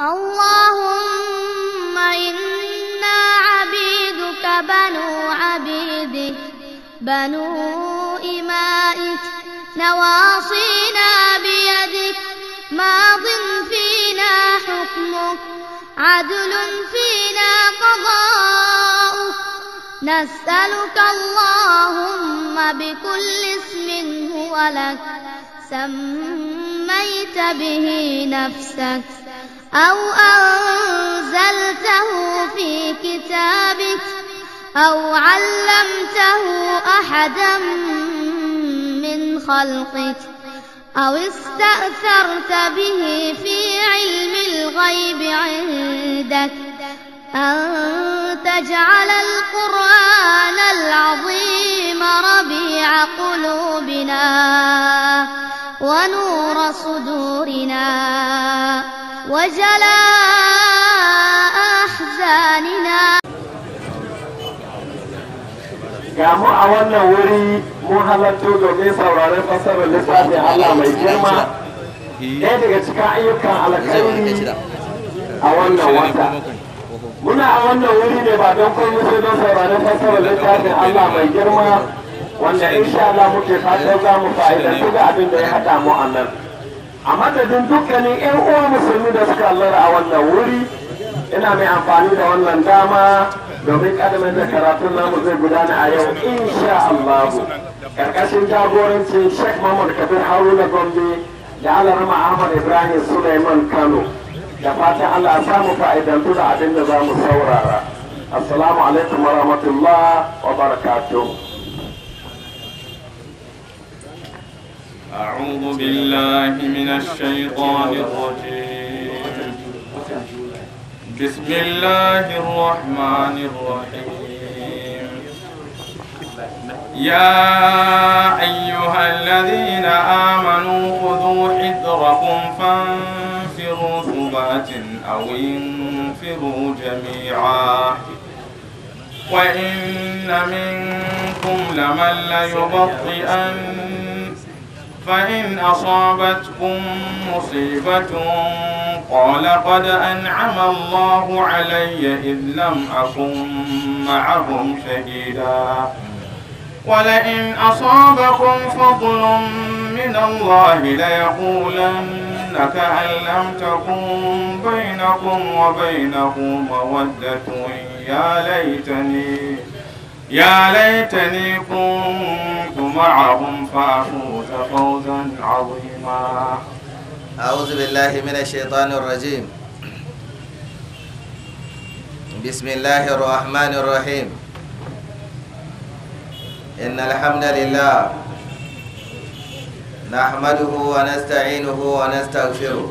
اللهم إنا عبيدك بنو عبيدك بنو إمائك نواصينا بيدك ماض فينا حكمك عدل فينا قضاؤك نسألك اللهم بكل اسم هو لك سميت به نفسك أو أنزلته في كتابك أو علمته أحدا من خلقك أو استأثرت به في علم الغيب عندك أن تجعل القرآن العظيم ربيع قلوبنا ونور صدورنا وجلاء أحزاننا ga mu a wannan wuri mun halatto domin fasarar Allah mai girma ɗaya daga ayyukan a wannan muna a wannan wuri ne ba don komai sai don saurarin fasarar littafin Allah mai girma wanda insha Allah muke fatan za mu fa'idantu da abin da ya haɗa mu a nan. a madadin dukkanin 'yan uwa musulmi da suka lura a wannan wuri ina mai amfani da wannan dama domin kadamin da karatun namu zai gudana a yau insha Allah karkashin jagorancin Sheikh Muhammad Kabir Haruna Gombe da Alarama Ahmad Ibrahim Suleiman Kano da fatan Allah samu fa'idantu da abin da za mu saurara assalamu alaikum wa rahmatullah wa barakatuh أعوذ بالله من الشيطان الرجيم بسم الله الرحمن الرحيم يا أيها الذين آمنوا خذوا حذركم فانفروا ثبات أو انفروا جميعا وإن منكم لمن ليبطئن فإن أصابتكم مصيبة قال قد أنعم الله علي إذ لم أكن معهم شهيدا ولئن أصابكم فضل من الله ليقولن كأن لم تكن بينكم وبينه مودة يا ليتني يا ليتني كنت معهم فافوز فوزا عظيما أعوذ بالله من الشيطان الرجيم بسم الله الرحمن الرحيم إن الحمد لله نحمده ونستعينه ونستغفره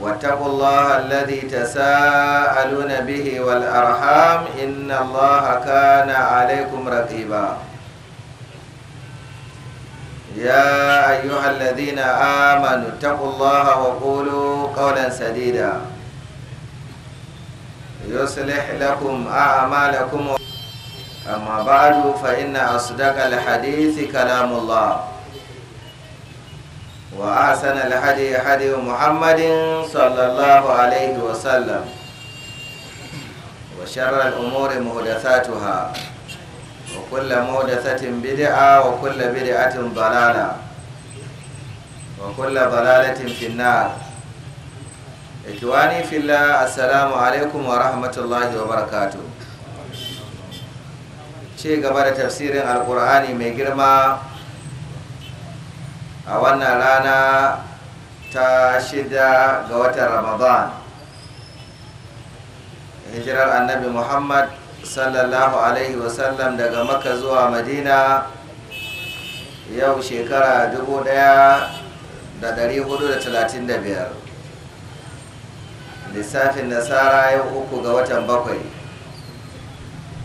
واتقوا الله الذي تساءلون به والأرحام إن الله كان عليكم رقيبا يا أيها الذين آمنوا اتقوا الله وقولوا قولا سديدا يصلح لكم أعمالكم أما بعد فإن أصدق الحديث كلام الله وأحسن الهدي هدي محمد صلى الله عليه وسلم وشر الأمور محدثاتها وكل محدثة بدعة وكل بدعة ضلالة وكل ضلالة في النار إخواني في الله السلام عليكم ورحمة الله وبركاته شيء قبل تفسير القرآن ميجرما a wannan rana ta shida ga watan ramadan hijirar annabi muhammad sallallahu alaihi wasallam daga maka zuwa madina yau shekara 1435 lissafin nasara yau uku ga watan bakwai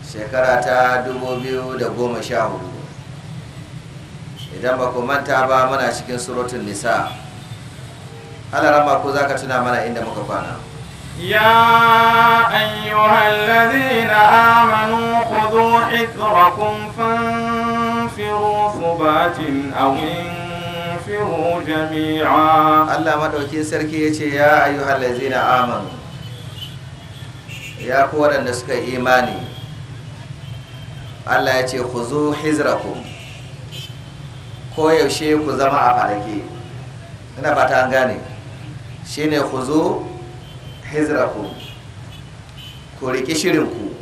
shekara ta 2014 idan ba ku manta ba muna cikin surutun nisa alarama ko za ka tuna mana inda muka kwana يا أيها الذين آمنوا خذوا حذركم فانفروا ثبات أو انفروا جميعا الله مدوكين سركي يا أيها الذين آمنوا يا imani. Allah إيماني الله يتي خذوا حذركم koyaushe ku zama a farake ina fata an gane Shi ne ku zo hizraku ku riƙi shirinku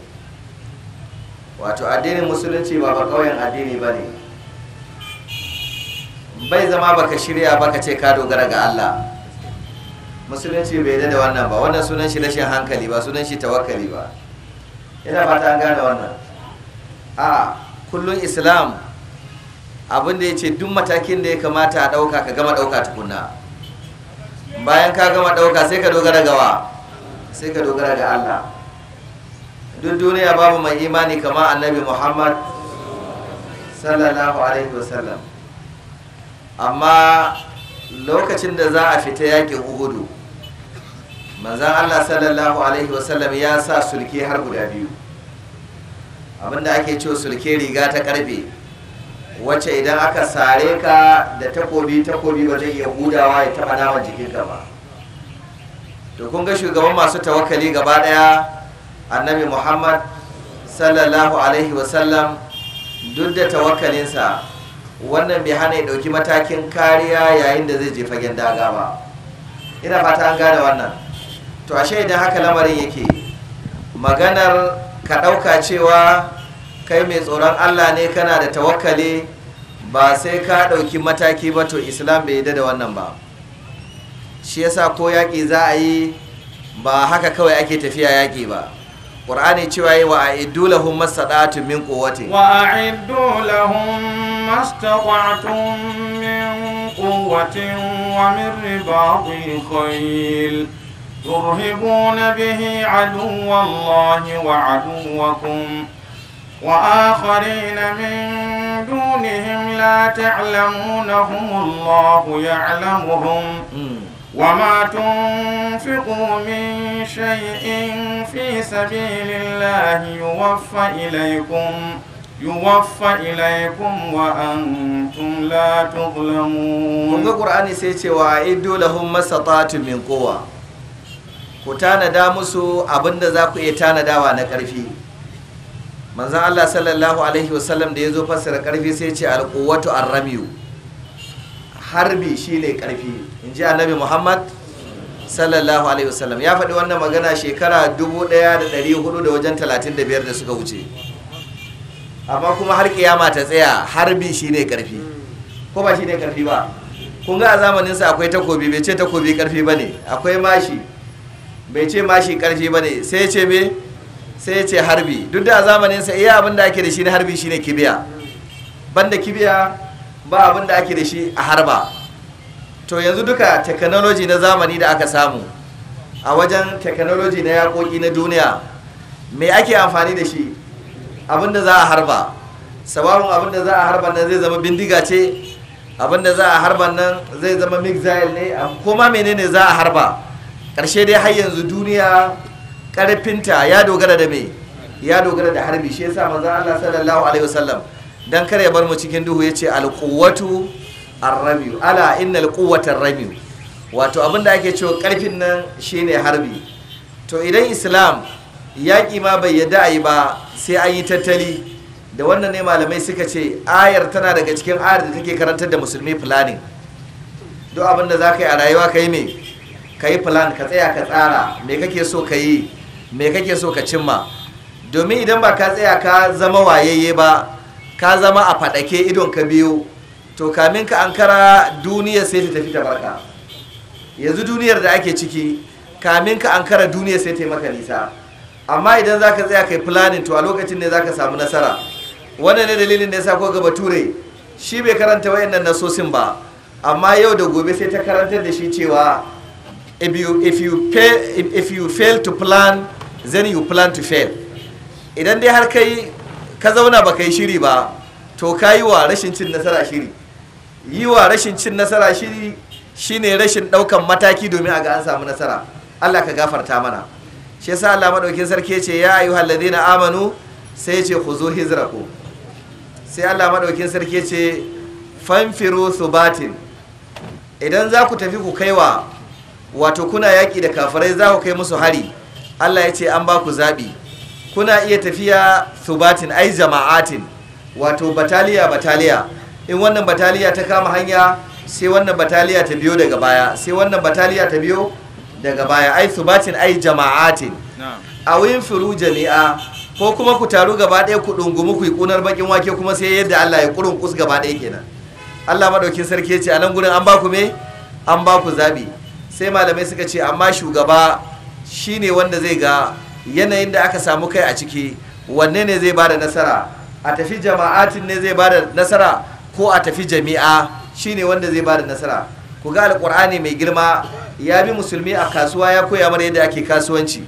wato addinin musulunci ba ba ƙauyen addini ba ne bai zama baka shirya baka ce ka dogara ga Allah musulunci bai da wannan ba wannan sunan shi rashin hankali ba sunan shi tawakkali ba ina fata an gane wannan a kullun islam abin da ya ce duk matakin da ya kamata a ɗauka ka gama ɗauka tukunna bayan ka gama ɗauka sai ka dogara gawa sai ka dogara ga Allah duk duniya babu mai imani kama annabi Muhammad sallallahu alaihi wasallam amma lokacin da za a fita yaƙin uhudu manzan Allah sallallahu alaihi wasallam ya sa sulke har guda biyu abinda ake ciwo sulke riga ta karfe wacce idan aka sare ka da takobi takobi ba zai iya hudawa ya taba jikin ka ba to kun ga shugaban masu tawakali gaba daya annabi muhammad sallallahu alaihi wasallam duk da tawakkalinsa wannan bai hana ya dauki matakin kariya yayin da zai je fagen daga ba ina fata an gane wannan to ashe idan haka lamarin yake maganar ka ɗauka cewa kai mai tsoron Allah ne kana da tawakkali ba sai ka ɗauki mataki ba to islam bai yi da wannan ba shi yasa ko yaƙi za a yi ba haka kawai ake tafiya yaƙi ba ƙur'ani cewa yi wa a iddu lahum mastata'atun min quwwatin wa a iddu lahum mastata'atun min wa min ribatil turhibuna bihi aduwwallahi wa aduwwakum وآخرين من دونهم لا تعلمونهم الله يعلمهم وما تنفقوا من شيء في سبيل الله يوفى إليكم yuwaffa ilaikum wa antum la tuzlamun kun ga qur'ani sai cewa iddu lahum masatatu min quwwa ku tanada musu abinda za ku iya tanadawa na karfi manzan Allah sallallahu alaihi wasallam da ya zo fassara karfi sai ce alquwatu arramiyu harbi shine karfi in ji annabi Muhammad sallallahu alaihi wasallam ya faɗi wannan magana shekara 1400 da wajen 35 da suka wuce amma kuma har kiyama ta tsaya harbi shine karfi ko ba shine karfi ba kun ga a zamanin sa akwai takobi bai ce takobi karfi ne akwai mashi bai ce mashi karfi ba ne sai ce me sai ya ce harbi duk da zamaninsa iya abinda ake da shi na harbi shine kibiya banda kibiya ba abinda ake da shi a harba to yanzu duka technology na zamani da aka samu a wajen technology na yakoki na duniya me ake amfani da shi abinda za a harba sababin abinda za a harba nan zai zama bindiga ce abinda za a harba nan zai zama mixile ne ma menene za a harba ƙarshe dai har yanzu duniya karfinta ya dogara da me ya dogara da harbi shi yasa manzo Allah sallallahu alaihi wasallam dan kare bar mu cikin duhu yace ce rami ala innal quwwata rami wato abinda ake cewa karfin nan shine harbi to idan islam yaƙi ma bai yadda ayi ba sai an yi tattali da wannan ne malamai suka ce ayar tana daga cikin ayar da take karantar da musulmi planning duk abinda da za ka yi a rayuwa ka yi ne? ka yi plan ka tsaya ka tsara me kake so ka yi me kake so ka cimma domin idan ba ka tsaya ka zama wayayye ba ka zama a faɗake idon ka biyu to kamin ka ankara duniyar sai ta tafi ta barka yanzu duniyar da ake ciki kamin ka ankara duniyar sai ta maka nisa amma idan za ka tsaya kai planning to a lokacin ne za ka samu nasara wannan ne dalilin da ya sa ko ga bature shi bai karanta wayannan nasosin ba amma yau da gobe sai ta karantar da shi cewa if if you fail to plan then you plan to fail idan dai har kai ka zauna ba kai shiri ba to ka yi wa rashin cin nasara shiri yi wa rashin cin nasara shiri shine rashin daukan mataki domin a ga an samu nasara Allah ka gafarta mana shi yasa Allah madaukin sarki ce ya ayyuhal ladina amanu sai ce ku zo hijraku sai Allah madaukin sarki ce fanfiru subatin idan za ku tafi ku kaiwa wato kuna yaki da kafirai za ku kai musu hari Allah ya ce an ba ku zaɓi kuna iya tafiya subatin ai jama'atin wato bataliya bataliya in wannan bataliya ta kama hanya sai wannan bataliya ta biyo daga baya sai wannan bataliya ta biyo daga baya ai subatin ai jama'atin a wuyin firu jami'a ko kuma ku taru gaba ɗaya ku ɗungumu ku yi ƙunar bakin wake kuma sai yadda Allah ya ƙurin kus gaba ɗaya kenan Allah maɗaukin sarki ya ce a nan gurin an ba ku me an ba ku zaɓi sai malamai suka ce amma shugaba shine wanda zai ga yanayin da aka samu kai a ciki wanne ne zai bada nasara a tafi jama'atin ne zai bada nasara ko a tafi jami'a shi ne wanda zai bada nasara ku ga alkur'ani mai girma ya bi musulmi a kasuwa ya koya mana yadda ake kasuwanci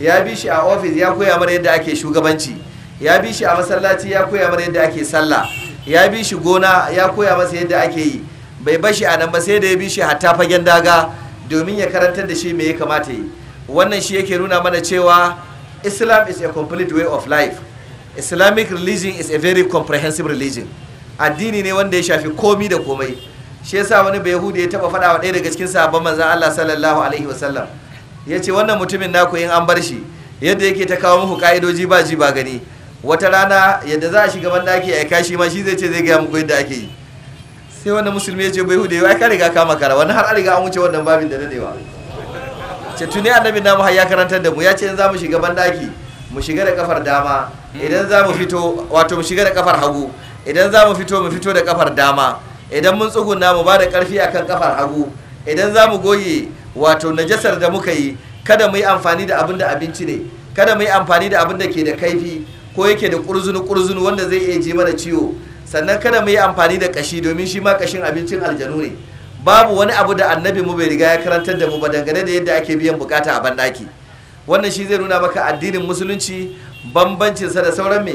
ya bi shi a ofis ya koya mana yadda ake shugabanci ya bi shi a masallaci ya koya mana yadda ake sallah ya bi shi gona ya koya masa yadda ake yi bai bashi a nan ba sai da ya bi shi hatta fagen daga domin ya karantar da shi me ya kamata yi wannan shi yake nuna mana cewa islam is a complete way of life islamic religion is a very comprehensive religion addini ne wanda ya shafi komi da komai shi yasa wani bai yahudi ya taba faɗa wa ɗaya daga cikin sabon manzan Allah sallallahu alaihi wasallam ya ce wannan mutumin naku yin an bar shi yadda yake ta kawo muku ka'idoji ba ji ba gani wata rana yadda za a shiga ban daki a kashi ma shi zai ce zai gaya muku yadda ake yi sai wannan musulmi ya ce bai hude ya ka riga kama kara wani har an riga an wuce wannan babin da dadewa ce tuni annabi namu har ya karantar da mu ya ce in za mu shiga bandaki mu shiga da kafar dama idan za mu fito wato mu shiga da kafar hagu idan za mu fito mu fito da kafar dama idan mun tsuguna mu ba da karfi akan kafar hagu idan za mu goye wato najasar da muka yi kada mu yi amfani da abin da abinci ne kada mu yi amfani da abin da ke da kaifi ko yake da kurzunu kurzunu wanda zai iya je mana ciwo sannan kada mu yi amfani da kashi domin shi ma kashin abincin aljanu ne babu wani abu da annabi mu bai riga ya karantar da mu ba dangane da yadda ake biyan bukata a bandaki wannan shi zai nuna maka addinin musulunci bambancinsa da sauran me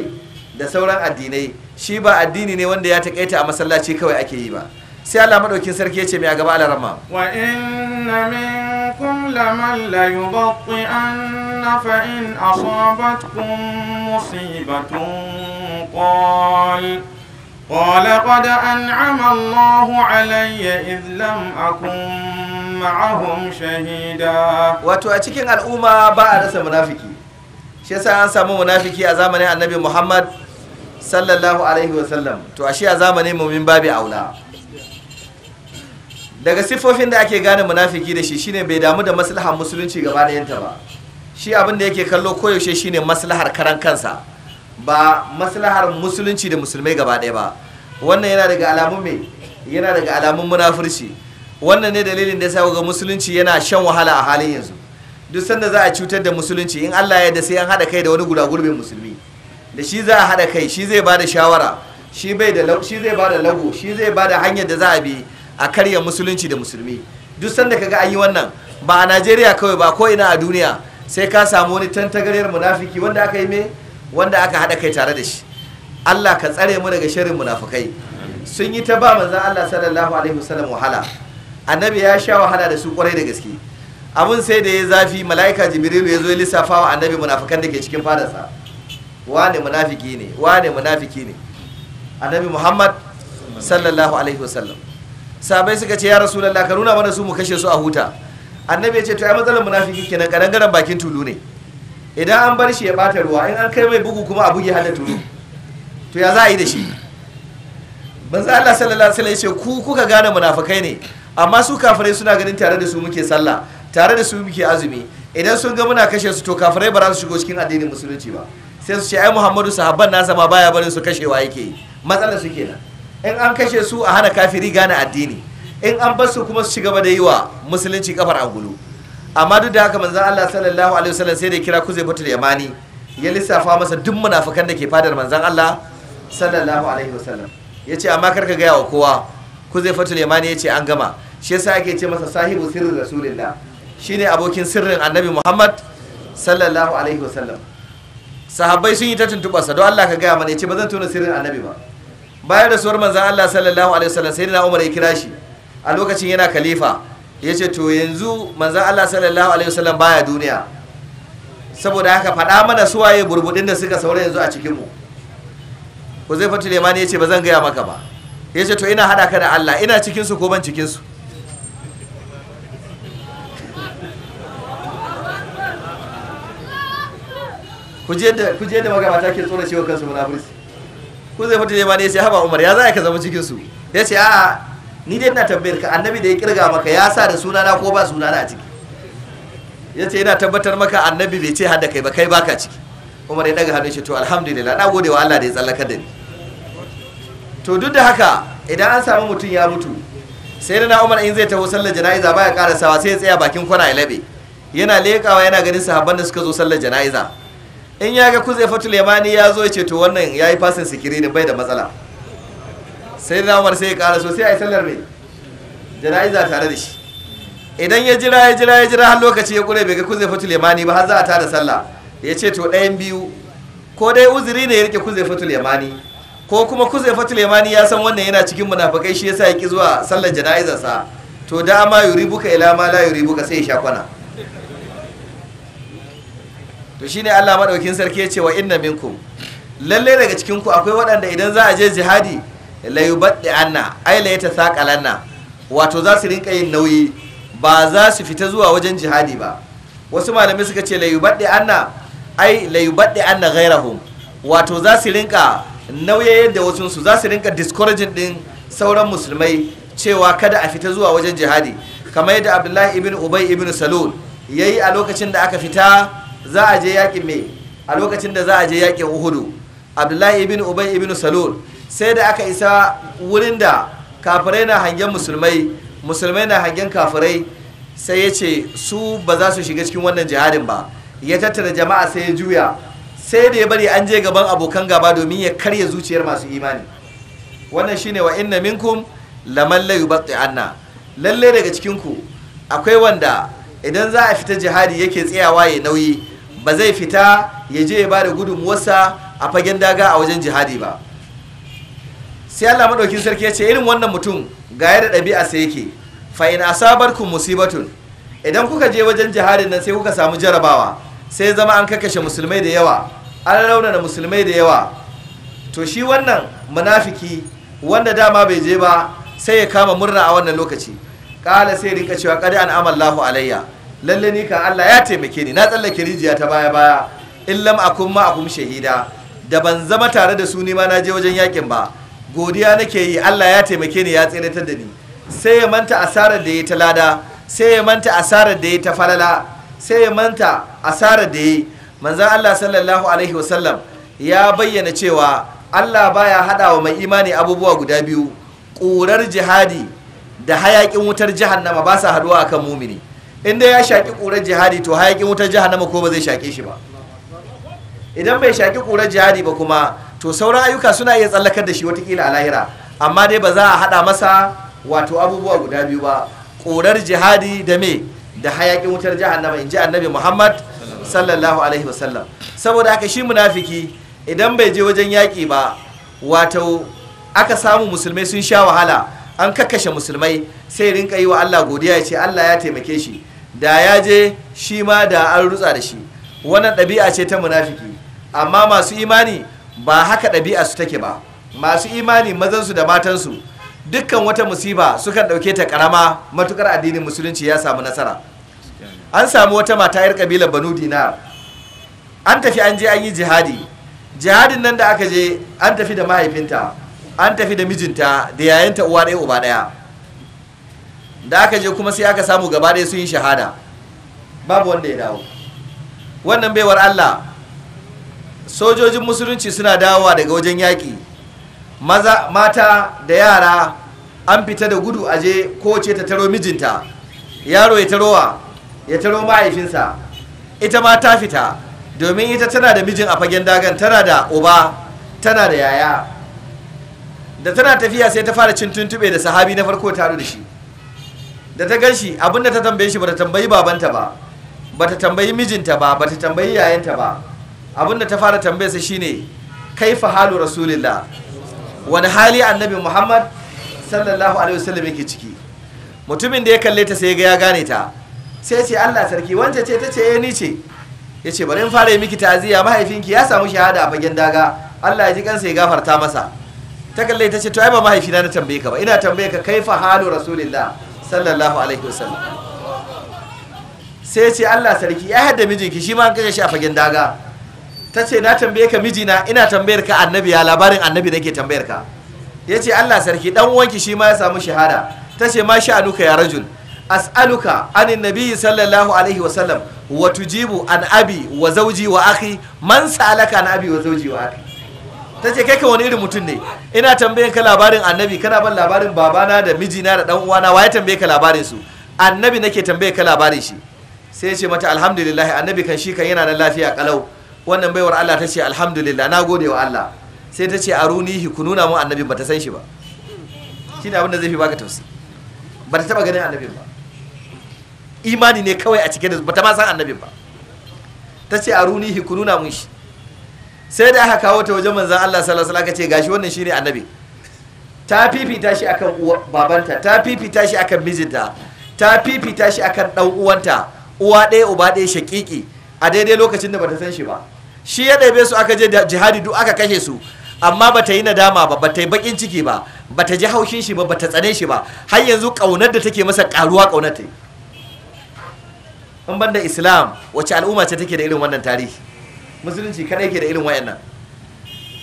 da sauran addinai shi ba addini ne wanda ya takaita a masallaci kawai ake yi ba sai Allah madaukin sarki ya ce mai a gaba alarama wa inna minkum laman la yubatti anna fa in asabatkum musibatun qal قال قد أنعم الله علي إذ لم أكن معهم شهيدا wato a cikin al'umma ba a rasa munafiki shi yasa an samu munafiki a zamanin annabi Muhammad sallallahu alaihi wasallam to a zamanin mumin babi aula daga siffofin da ake gane munafiki da shi shine bai damu da maslahar musulunci gaba da yanta ba shi abin da yake kallo koyaushe shine maslahar karan kansa ba maslahar musulunci da musulmai gaba ɗaya ba wannan yana daga alamun me yana daga alamun munafurci wannan ne dalilin da yasa ga musulunci yana shan wahala a halin yanzu duk sanda za a cutar da musulunci in Allah ya da sai an haɗa kai da wani guda gurbin musulmi da shi za a haɗa kai shi zai bada shawara shi bai da shi zai bada lagu shi zai bada hanyar da za a bi a karya musulunci da musulmi duk sanda ka ga an yi wannan ba a Najeriya kawai ba ko ina a duniya sai ka samu wani tantagariyar munafiki wanda aka yi mai. wanda aka haɗa kai tare da shi Allah ka tsare mu daga shirin munafukai sun yi ta ba manzan Allah sallallahu alaihi wasallam wahala annabi ya sha wahala da su kwarai da gaske abun sai da ya zafi mala'ika jibrilu ya zo ya lissafa wa annabi munafukan da ke cikin fadarsa wane munafiki ne wane munafiki ne annabi muhammad sallallahu alaihi wasallam sabai suka ce ya rasulullah ka nuna mana su mu kashe su a huta annabi ya ce to ai matsalar munafiki kenan kadangaren bakin tulu ne idan an bar shi ya bata ruwa in an kai mai bugu kuma a bugi hada turu to ya za a yi da shi banza Allah sallallahu alaihi wasallam ya ce ku kuka gane munafikai ne amma su kafirai suna ganin tare da su muke sallah tare da su muke azumi idan sun ga muna kashe su to kafirai ba za su shigo cikin addinin musulunci ba sai su ce ai Muhammadu sahabban nasa ma baya barin su kashewa yake yi matsalar su kenan in an kashe su a hana kafiri gane addini in an bar su kuma su ci gaba da yi wa musulunci kafar angulu amma duk da haka manzon Allah sallallahu alaihi wasallam sai da kira Kuzaibatul Yamani ya lissafa masa duk munafikan da ke fadar manzon Allah sallallahu alaihi wasallam yace amma kar ka gaya wa kowa Kuzaibatul Yamani yace an gama shi yasa ake ce masa sahibu sirrin rasulillah shine abokin sirrin annabi Muhammad sallallahu alaihi wasallam sahabbai sun yi ta tuntuɓarsa don Allah ka gaya mana yace ba zan tona sirrin annabi ba bayan rasuwar manzon Allah sallallahu alaihi wasallam sai na Umar ya kira shi a lokacin yana khalifa ya ce to yanzu manzan Allah sallallahu alaihi wasallam baya duniya saboda haka faɗa mana suwaye burbudin da suka saura yanzu a cikinmu ku zai fatu lemani ya ce ba zan gaya maka ba ya ce to ina haɗa ka da Allah ina cikinsu ko ban cikinsu ku je da magabata ke tsoron cewa kansu munafurci ku zai fatu lemani ya ce haba umar ya za ka zama cikinsu ya ce a'a ni dai ina tambayar ka annabi da ya kirga maka ya sa da sunana ko ba sunana a ciki ya ce yana tabbatar maka annabi bai ce hada kai ba kai baka ciki umar ya daga hannun shi to alhamdulillah na gode wa Allah da ya tsallaka da ni to duk da haka idan an samu mutum ya mutu sai da umar in zai taho sallar jana'iza baya karasawa sai ya tsaya bakin kwana ya labe yana lekawa yana ganin sahabban da suka zo sallar jana'iza in ya ga kuzai fatul yamani ya zo ya ce to wannan ya yi fasin sikiri ne bai da matsala sai na umar sai ya ƙara so sai a yi sallar mai jana'iza tare da shi idan ya jira ya jira ya jira har lokaci ya kure bai ga kuzai fatul yamani ba har za a tara sallah ya ce to ɗayan biyu ko dai uzuri ne ya rike kuzai fatul yamani ko kuma kuzai fatul yamani ya san wannan yana cikin munafakai shi yasa ya ki zuwa sallar jana'izar sa to da ma yuri buka ila ma la buka sai ya sha kwana to shine Allah madaukin sarki ya ce wa inna minkum lallai daga cikin ku akwai waɗanda idan za a je jihadi layubaddi anna ai la yata saqalanna wato za su rinka yin nauyi ba za su fita zuwa wajen jihadi ba wasu malamai suka ce layubaddi anna ai layubaddi anna ghairahum wato za su rinka nauyayen da wasu su za su rinka discouraging din sauran musulmai cewa kada a fita zuwa wajen jihadi kamar yadda abdullahi ibn ubay ibn salul yayi a lokacin da aka fita za a je yakin me a lokacin da za a je yakin uhudu abdullahi ibn ubay ibn salul sai da aka isa wurin da kafirai na hangen musulmai musulmai na hangen kafirai sai ya ce su ba za su shiga cikin wannan jihadin ba ya tattara jama'a sai ya juya sai da ya bari an je gaban abokan gaba domin ya karya zuciyar masu imani wannan shine wa inna minkum laman la yubatti anna lalle daga cikin ku akwai wanda idan za a fita jihadi yake tsayawa ya nauyi ba zai fita ya je ya bada gudunmuwarsa a fagen daga a wajen jihadi ba sai Allah madaukin sarki ya ce irin wannan mutum ga yadda ɗabi'a sai yake fa sabar asabarkum musibatun idan kuka je wajen jihadin nan sai kuka samu jarabawa sai zama an kakashe musulmai da yawa an da musulmai da yawa to shi wannan munafiki wanda dama bai je ba sai ya kama murna a wannan lokaci kala sai rinka cewa qad an amallahu alayya lalle ni kan Allah ya taimake ni na tsallake rijiya ta baya baya illam akum ma akum shahida da ban zama tare da su ni ma na je wajen yakin ba godiya nake yi Allah ya taimake ni ya tseratar da ni sai ya manta asarar da ya ta lada sai ya manta asarar da ya ta falala sai ya manta asarar da ya manzan Allah sallallahu alaihi wasallam ya bayyana cewa Allah baya hada wa mai imani abubuwa guda biyu ƙurar jihadi da hayakin wutar jahannama ba sa haduwa akan mumini dai ya shaƙi ƙurar jihadi to hayaƙin wutar jahannama ko ba zai shake shi ba idan bai shaki ƙurar jihadi ba kuma to sauran ayyuka suna iya tsallakar da shi watakila a lahira amma dai ba za a haɗa masa wato abubuwa guda biyu ba Korar jihadi da me da hayaƙin wutar jahannama in ji annabi muhammad sallallahu alaihi wasallam saboda aka shi munafiki idan bai je wajen yaƙi ba wato aka samu musulmai sun sha wahala an kakashe musulmai sai rinka yi wa allah godiya ya ce allah ya taimake shi da ya je shi ma da an rutsa da shi wannan ɗabi'a ce ta munafiki amma masu imani ba haka ɗabi'a su take ba masu imani mazansu da matansu dukkan wata musiba sukan ɗauke ta ƙarama matukar addinin musulunci ya samu nasara an samu wata mata 'yar ƙabilar banu dinar an tafi an je an yi jihadi jihadin nan da aka je an tafi da mahaifinta an tafi da mijinta da yayanta uwa ɗaya uba ɗaya da aka je kuma sai aka samu gaba ɗaya sun yi shahada babu wanda ya dawo wannan baiwar allah sojojin musulunci suna dawowa daga wajen yaƙi maza mata da yara an fita da gudu aje kowace ta taro mijinta yaro ya tarowa ya taro mahaifinsa ita ma ta fita domin ita tana da mijin a fagen dagan tana da uba tana da yaya da tana tafiya sai ta fara cin tuntube da sahabi na farko taro da shi da ta gan shi abinda ta tambaye shi ba ta tambayi babanta ba ba ta tambayi mijinta ba ba ta tambayi yayanta ba abinda ta fara tambaye sa shine kaifa halu rasulillah wani hali annabi muhammad sallallahu alaihi wasallam yake ciki mutumin da ya kalle ta sai ga ya gane ta sai ce allah sarki wance ce ta ce eh ni ce ya ce bari in fara yi miki ta'aziyya mahaifinki ya samu shahada a fagen daga allah ya ji kansa ya gafarta masa ta kalle ta ce to ai ba mahaifina na tambaye ka ba ina tambaye ka kaifa halu rasulillah sallallahu alaihi wasallam sai ce allah sarki ya hadda mijinki shi ma an kashe shi a fagen daga ta ce na tambaye ka mijina ina tambayar ka annabi ya labarin annabi nake tambayar ka ya ce allah sarki dan uwanki shi ma ya samu shahada ta ce ma ka ya rajul as'aluka anin nabiyyi sallallahu alaihi wa sallam wa tujibu an abi wa zauji wa akhi man sa'alaka an abi wa zauji wa akhi ta ce kai ka wani irin mutum ne ina tambayar ka labarin annabi kana ban labarin babana da mijina da dan uwana waye tambaye ka labarin su annabi nake tambaye ka labarin shi sai ya ce mata alhamdulillah annabi kan shi kan yana nan lafiya kalau wannan baiwar Allah ta ce alhamdulillah na gode wa Allah sai ta ce a arunihi ku nuna mu annabi ba ta san shi ba shi abin da zai fi baka tausi ba ta taba ganin annabin ba imani ne kawai a cike da ba ta ma san annabin ba ta ce a arunihi ku nuna mun shi sai da aka kawo ta wajen manzan Allah sallallahu alaihi wasallam ce gashi wannan shine annabi ta fifita shi akan babanta ta fifita shi akan mijinta ta fifita shi akan dan uwanta uwa ɗaya uba ɗaya shaƙiƙi a daidai lokacin da ba ta san shi ba shi ya ɗebe su aka je jihadi duk aka kashe su amma bata yi nadama ba bata yi bakin ciki ba bata ji haushin shi ba bata tsane shi ba har yanzu ƙaunar da take masa ƙaruwa ƙaunar ta yi. in banda islam wace al'umma ce take da irin wannan tarihi musulunci kaɗai ke da irin wayannan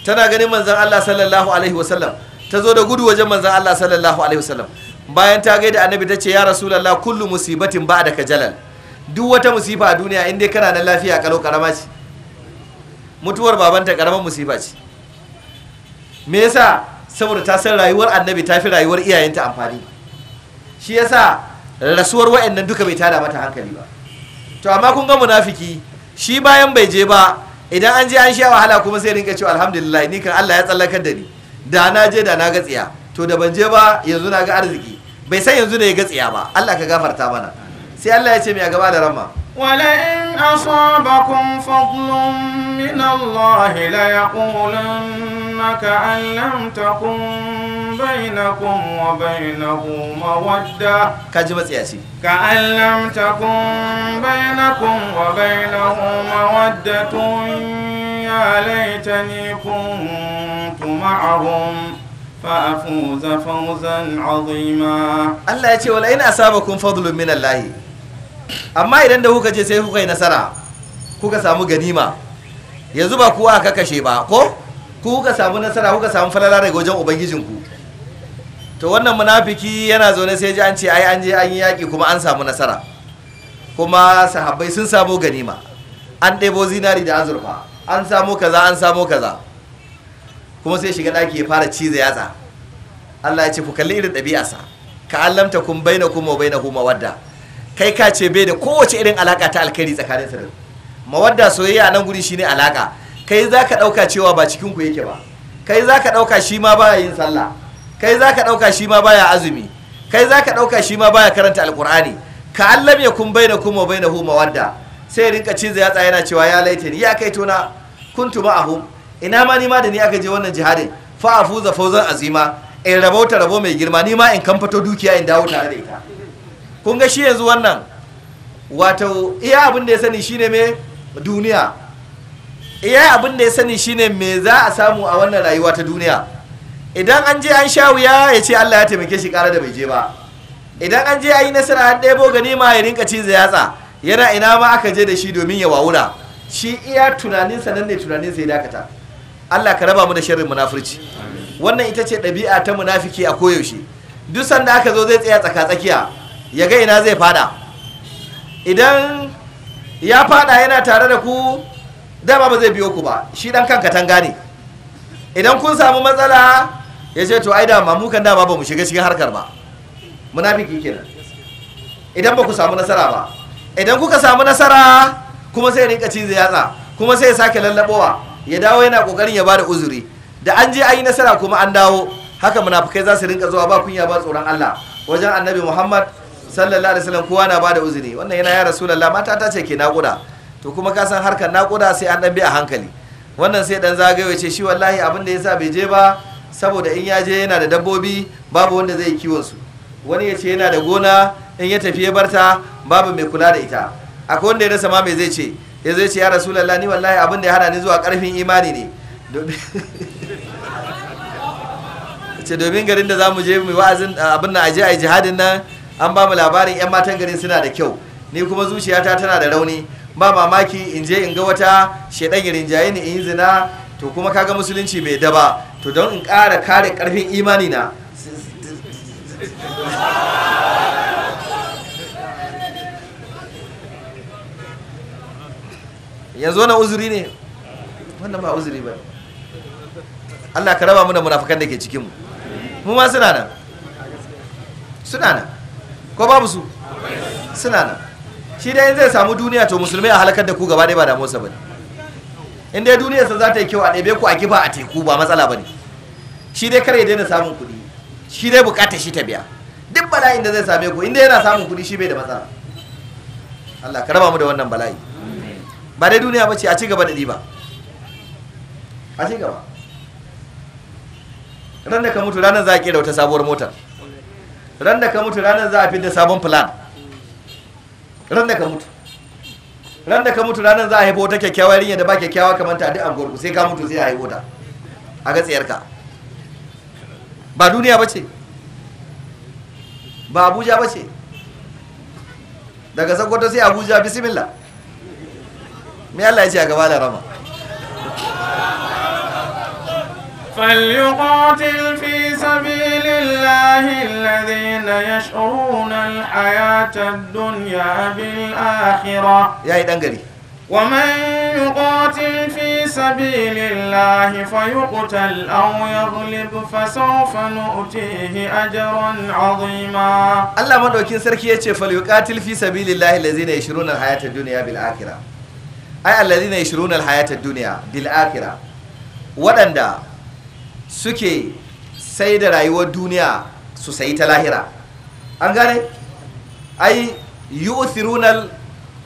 tana ganin manzon Allah sallallahu alaihi wasallam ta zo da gudu wajen manzon Allah sallallahu alaihi wasallam bayan ta gaida annabi ta ce ya rasulallah kullu musibatin ba'da kajalal duk wata musifa a duniya in dai kana nan lafiya kalo karama ce mutuwar babanta karamar musiba ce me yasa saboda ta san rayuwar annabi ta fi rayuwar iyayenta amfani shi yasa rasuwar wa'annan duka bai tada mata hankali ba to amma kun ga munafiki shi bayan bai je ba idan an je an sha wahala kuma sai rinka cewa alhamdulillah ni kan Allah ya tsallakar da ni da na je da na ga tsiya to da ban je ba yanzu na ga arziki bai san yanzu ne ya ga tsiya ba Allah ka gafarta mana sai Allah ya ce mai a gaba da ramma ولئن أصابكم فضل من الله ليقولن كأن لم تكن بينكم وبينه مودة كجبت ياسي كأن لم تكن بينكم وبينه مودة يا ليتني كنت معهم فأفوز فوزا عظيما الله يقول ولئن أصابكم فضل من الله amma idan da kuka je sai kuka yi nasara kuka samu ganima yanzu ba kuwa ka kashe ba ko ku kuka samu nasara kuka samu falala daga wajen ubangijinku to wannan munafiki yana zaune sai ji an ce ai an je an yi yaƙi kuma an samu nasara kuma sahabbai sun samu ganima an ɗebo zinari da azurfa an samu kaza an samu kaza kuma sai shiga ɗaki ya fara ciza yatsa Allah ya ce ku kalli irin ɗabi'arsa ka allamta kun baina kuma baina kuma wadda kai ka ce bai da kowace irin alaka ta alkhairi tsakanin sa mawadda soyayya nan guri shine alaka kai za ka dauka cewa ba cikin ku yake ba kai za ka ɗauka shi ma baya yin sallah kai za ka ɗauka shi ma baya azumi kai za ka ɗauka shi ma baya karanta alqur'ani ka allam yakun bainakum wa ma mawadda sai rinka ciza yatsa yana cewa ya ni ya kai tona kuntu ma'ahum ina ma ni ma da ni aka je wannan jihadin fa afuza fawzan azima in rabauta rabo mai girma ni ma in kamfato dukiya in dawo tare da ita kun ga shi yanzu wannan wato iya abin da ya sani shine me duniya iya abin da ya sani shine me za a samu a wannan rayuwa ta duniya idan an je an sha wuya ya ce Allah ya taimake shi kara da bai je ba idan an je an yi nasara an ɗebo ganima ya rinka ciza yatsa yana ina ma aka je da shi domin ya wawuna shi iya tunaninsa nan ne tunaninsa ya dakata Allah ka raba mu da sharrin munafurci wannan ita ce ɗabi'a ta munafiki a koyaushe duk sanda aka zo zai tsaya tsaka tsakiya ya ga ina zai fada idan ya fada yana tare da ku dama ba zai biyo ku ba shi dan kanka tanga ne idan kun samu matsala ya ce to ai dama mu kan dama ba mu shiga cikin harkar ba munafiki kenan idan ba ku samu nasara ba idan kuka samu nasara kuma sai rinka cizo yatsa kuma sai ya sake lallabowa ya dawo yana kokarin ya bada uzuri da an je ayi nasara kuma an dawo haka munafikai za su rinka zuwa ba kunya ba tsoron Allah wajen annabi Muhammad sallallahu alaihi wasallam kowa na bada uzuri wannan yana ya rasulullah mata ta ce ke nakuda to kuma ka san harkar nakuda sai an dan bi a hankali wannan sai dan zagayo ce shi wallahi abin da yasa bai je ba saboda in ya je yana da dabbobi babu wanda zai kiwon su wani ya ce yana da gona in ya tafi ya barta babu mai kula da ita akwai wanda ya rasa ma mai zai ce ya zai ce ya rasulullah ni wallahi abin da ya hana ni zuwa karfin imani ne ce domin garin da za mu je mu wa'azin abin na aje a jihadin nan an ba mu labarin 'yan matan garin suna da kyau ni kuma zuciyata tana da rauni ba mamaki in je in ga wata shaidan ya rinjaye ni in yi zina to kuma kaga musulunci bai da ba to don in ƙara kare ƙarfin imani na yanzu wannan uzuri ne wannan ba uzuri ba Allah ka raba mu da munafikan da ke cikin mu mu ma suna nan suna nan ko babu su suna nan shi dai zai samu duniya to musulmai a halakar da ku gaba ɗaya ba da ba ne in dai duniyarsa za ta yi kyau a ɗebe ku a giba a teku ba matsala bane? shi dai kar ya daina samun kuɗi shi dai bukata shi ta biya duk bala'in da zai same ku in dai yana samun kuɗi shi bai da matsala Allah ka raba mu da wannan bala'i ba dai duniya bace a ci gaba da ɗiba a ci gaba ran da ka mutu ranar za a da wata sabuwar motar ran da ka mutu ranar za a fi da sabon plan ran da ka mutu ran da ka mutu ranar za a haifo ta kyakkyawa yarinya da ba kyakkyawa kamar ta duk angorku sai ka mutu sai a haifo ta a ga tsayarka ba duniya ba ce ba abuja ba ce daga sakwato sai abuja bismillah me Allah ya ce a gaba da rama فليقاتل في سبيل الله الذين يشعرون الحياة الدنيا بالآخرة يا دنجلي ومن يقاتل في سبيل الله فيقتل أو يغلب فسوف نؤتيه أجرا عظيما الله ما دوكين سركي يتشي فليقاتل في سبيل الله الذين يشرون الحياة الدنيا بالآخرة أي الذين يشرون الحياة الدنيا بالآخرة waɗanda suke sai da rayuwar duniya su sayi ta lahira an gane ai yi yu'thirunal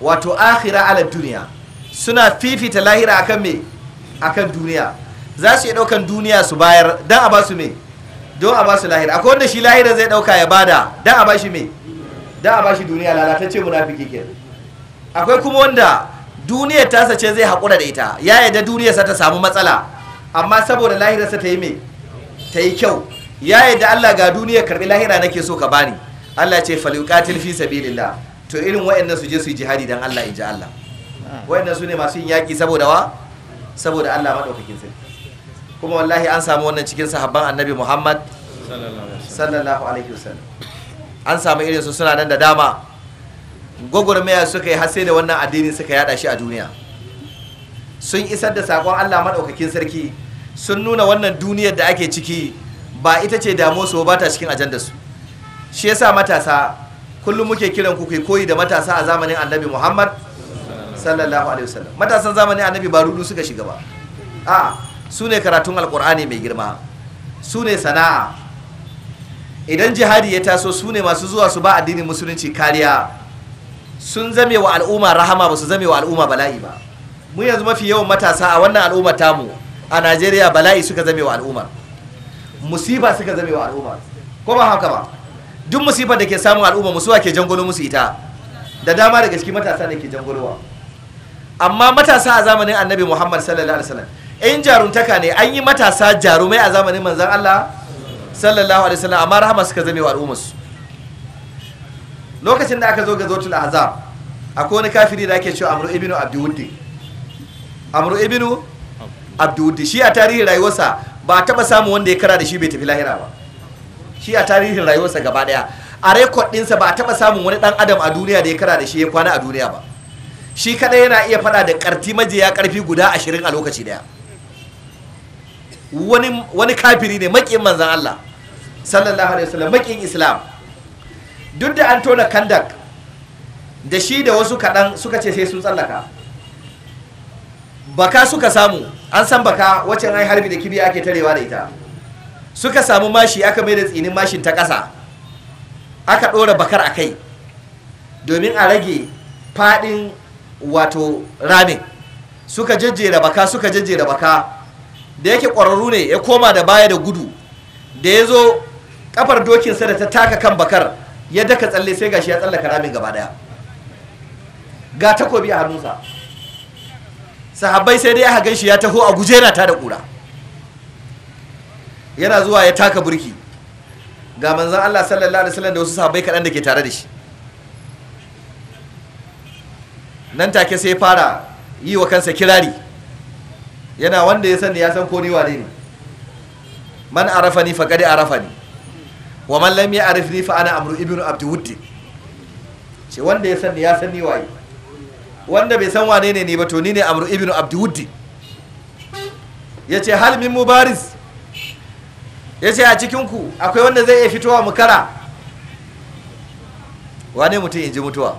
wato akhira ala duniya suna fifita lahira akan me akan duniya za su iya daukan duniya su bayar Don a basu me don a ba su lahira akwai wanda shi lahira zai dauka ya bada Don a ba shi me Don a ba shi duniya lalatacce munafiki kenan akwai kuma wanda duniyar tasa ce zai haƙura da ita ya yadda duniyarsa ta samu matsala amma saboda lahirarsa ta yi mai ta yi kyau ya yadda Allah ga duniya karbi lahira nake so ka bani Allah ce faluqatil fi sabilillah to irin wayannan su je su jihadi dan Allah inji Allah wayannan su ne masu yin yaki saboda wa saboda Allah madaukakin sarki kuma wallahi an samu wannan cikin sahabban Annabi Muhammad sallallahu alaihi wasallam an samu irin su suna nan da dama gwagwarmaya suka yi hasse da wannan addini suka yada shi a duniya sun isar da sakon Allah maɗaukakin sarki sun nuna wannan duniyar da ake ciki ba ita ce damuwarsu ba ta cikin ajandarsu shi yasa matasa kullum muke kiran ku kai koyi da matasa a zamanin annabi muhammad sallallahu alaihi wasallam matasan zamanin annabi ba rudu suka shiga ba a su ne karatun alkur'ani mai girma su ne sana'a idan jihadi ya taso su ne masu zuwa su ba addinin musulunci kariya sun zame wa al'umma rahama ba su zame wa al'umma bala'i ba mu yanzu mafi yawan matasa a wannan al'umma tamu a najeriya bala'i suka zame wa al'umma musiba suka zame wa al'umma ko ba haka ba duk musibar da ke samun al'umma musu ke jangolo musu ita da dama daga cikin matasa da ke jangolowa amma matasa a zamanin annabi muhammad sallallahu alaihi wasallam in jaruntaka ne an yi matasa jarumai a zamanin manzon allah sallallahu alaihi wasallam amma rahama suka zame wa al'umma lokacin da aka zo ga zotul azab akwai wani kafiri da ake cewa amru ibnu abdiwuddi amru ibnu abdudi shi a tarihin rayuwarsa ba taba samun wanda ya kara da shi bai tafi lahira ba shi a tarihin rayuwarsa gaba daya a rekod dinsa ba taba samun wani dan adam a duniya da ya kara da shi ya kwana a duniya ba shi kaɗai yana iya fada da karti majiya karfi guda ashirin a lokaci daya wani wani kafiri ne makin manzan Allah sallallahu alaihi wasallam makin islam duk da an tona kandak da shi da wasu kaɗan suka ce sai sun tsallaka baka suka samu an san baka wacce ai harbi da kibiya ake tarewa da ita suka samu mashi aka mai da tsinin mashin ta ƙasa aka ɗora bakar a kai domin a rage faɗin wato ramin suka jejjera baka suka jejjera baka da yake ƙwararru ne ya koma da baya da gudu da ya zo ƙafar dokinsa da ta taka kan bakar ya daka tsalle sai gashi ya tsallaka ramin gaba ɗaya ga takobi a hannunsa sahabbai sai dai aka gan shi ya taho a guje na ta da kura yana zuwa ya taka burki ga manzon Allah sallallahu alaihi wasallam da wasu sahabbai kaɗan da ke tare da shi nan take sai fara yi wa kansa kirari yana wanda ya sani ya san ko ni wane ne man arafani faqad arafani wa man lam arifni fa ana amru ibnu abdiwuddi ce wanda ya sani ya san ni waye wanda bai san wane ne ne ba to ni ne amru ibnu abdiwuddi ya ce hal min mubaris ya ce a cikinku akwai wanda zai iya fitowa mu kara wane mutum in ji mutuwa